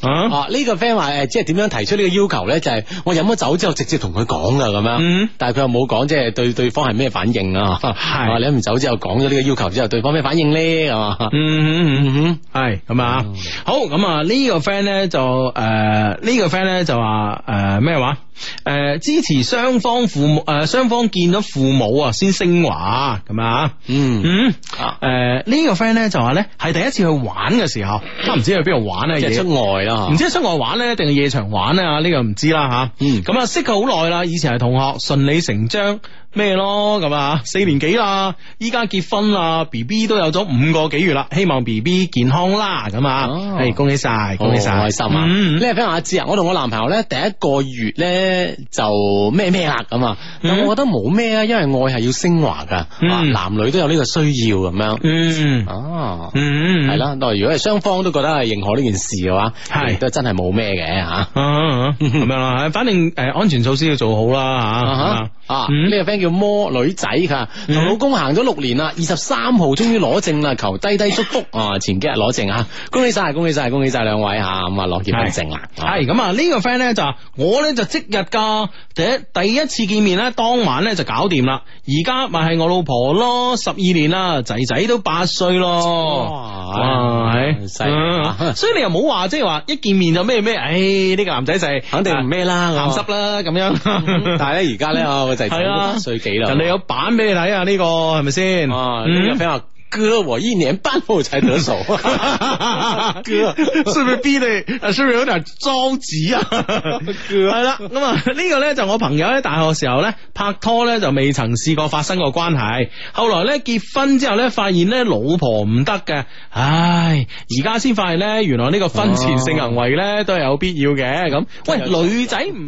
啊？呢個 friend 話誒，即係點樣提出呢個要求咧？就係我飲咗酒走之後直接同佢講噶咁樣，嗯、但係佢又冇講，即係對對方係咩反應啊？係、啊啊、話你唔走之後講咗呢個要求之後，對方咩反應咧？係嘛、嗯？嗯哼嗯哼嗯哼是是嗯哼，係咁啊！好，咁呢個 friend 咧就誒、呢、呃這個 friend 咧就話誒咩話？誒、呃，支持雙方父母誒、呃，雙方見到父母啊，先升華咁啊！嗯嗯，誒呢、嗯呃啊、個 friend 咧就話咧係第一次去玩嘅時候，都唔知去邊度玩咧，即係出外啦，唔知係出外玩咧定係夜場玩、這個、啊？呢個唔知啦吓，嗯，咁、嗯、啊識佢好耐啦，以前係同學，順理成章。咩咯咁啊四年幾啦，依家結婚啦，B B 都有咗五個幾月啦，希望 B B 健康啦咁啊，係恭喜晒，恭喜晒，開心啊！呢位朋友阿志啊，我同我男朋友咧第一個月咧就咩咩啦咁啊，但我覺得冇咩啊，因為愛係要升華噶，男女都有呢個需要咁樣。嗯哦，嗯係啦，當如果係雙方都覺得係認可呢件事嘅話，係都真係冇咩嘅吓，咁樣啦，反正誒安全措施要做好啦吓。啊！呢、嗯、個 friend 叫魔女仔，佢同老公行咗六年啦，二十三號終於攞證啦，求低低祝福。前幾日攞證吓，恭喜晒，恭喜晒，恭喜晒兩位吓，咁啊落結婚證啦。係咁啊，呢是、啊呢個 friend 咧就我咧就即日噶第一第一次見面啦，當晚咧就搞掂啦，而家咪係我老婆咯，十二年啦，仔仔都八歲咯。啊、哇！所以你又冇好話即係話一見面就咩咩，唉、哎，呢個男仔就肯定唔咩啦，鹹濕啦咁樣。但係咧而家咧係啊，歲幾啦？人哋有版俾你睇啊，呢、這個係咪先？有 friend 話哥，我一年半後才得手， 哥是是，是不是 B？哋，是不是嗰條莊啊。哥、嗯，係啦。咁啊，呢個咧就我朋友咧，大學時候咧拍拖咧就未曾試過發生過關係，後來咧結婚之後咧發現咧老婆唔得嘅，唉，而家先發現咧原來呢個婚前性行為咧都係有必要嘅。咁，喂，女仔唔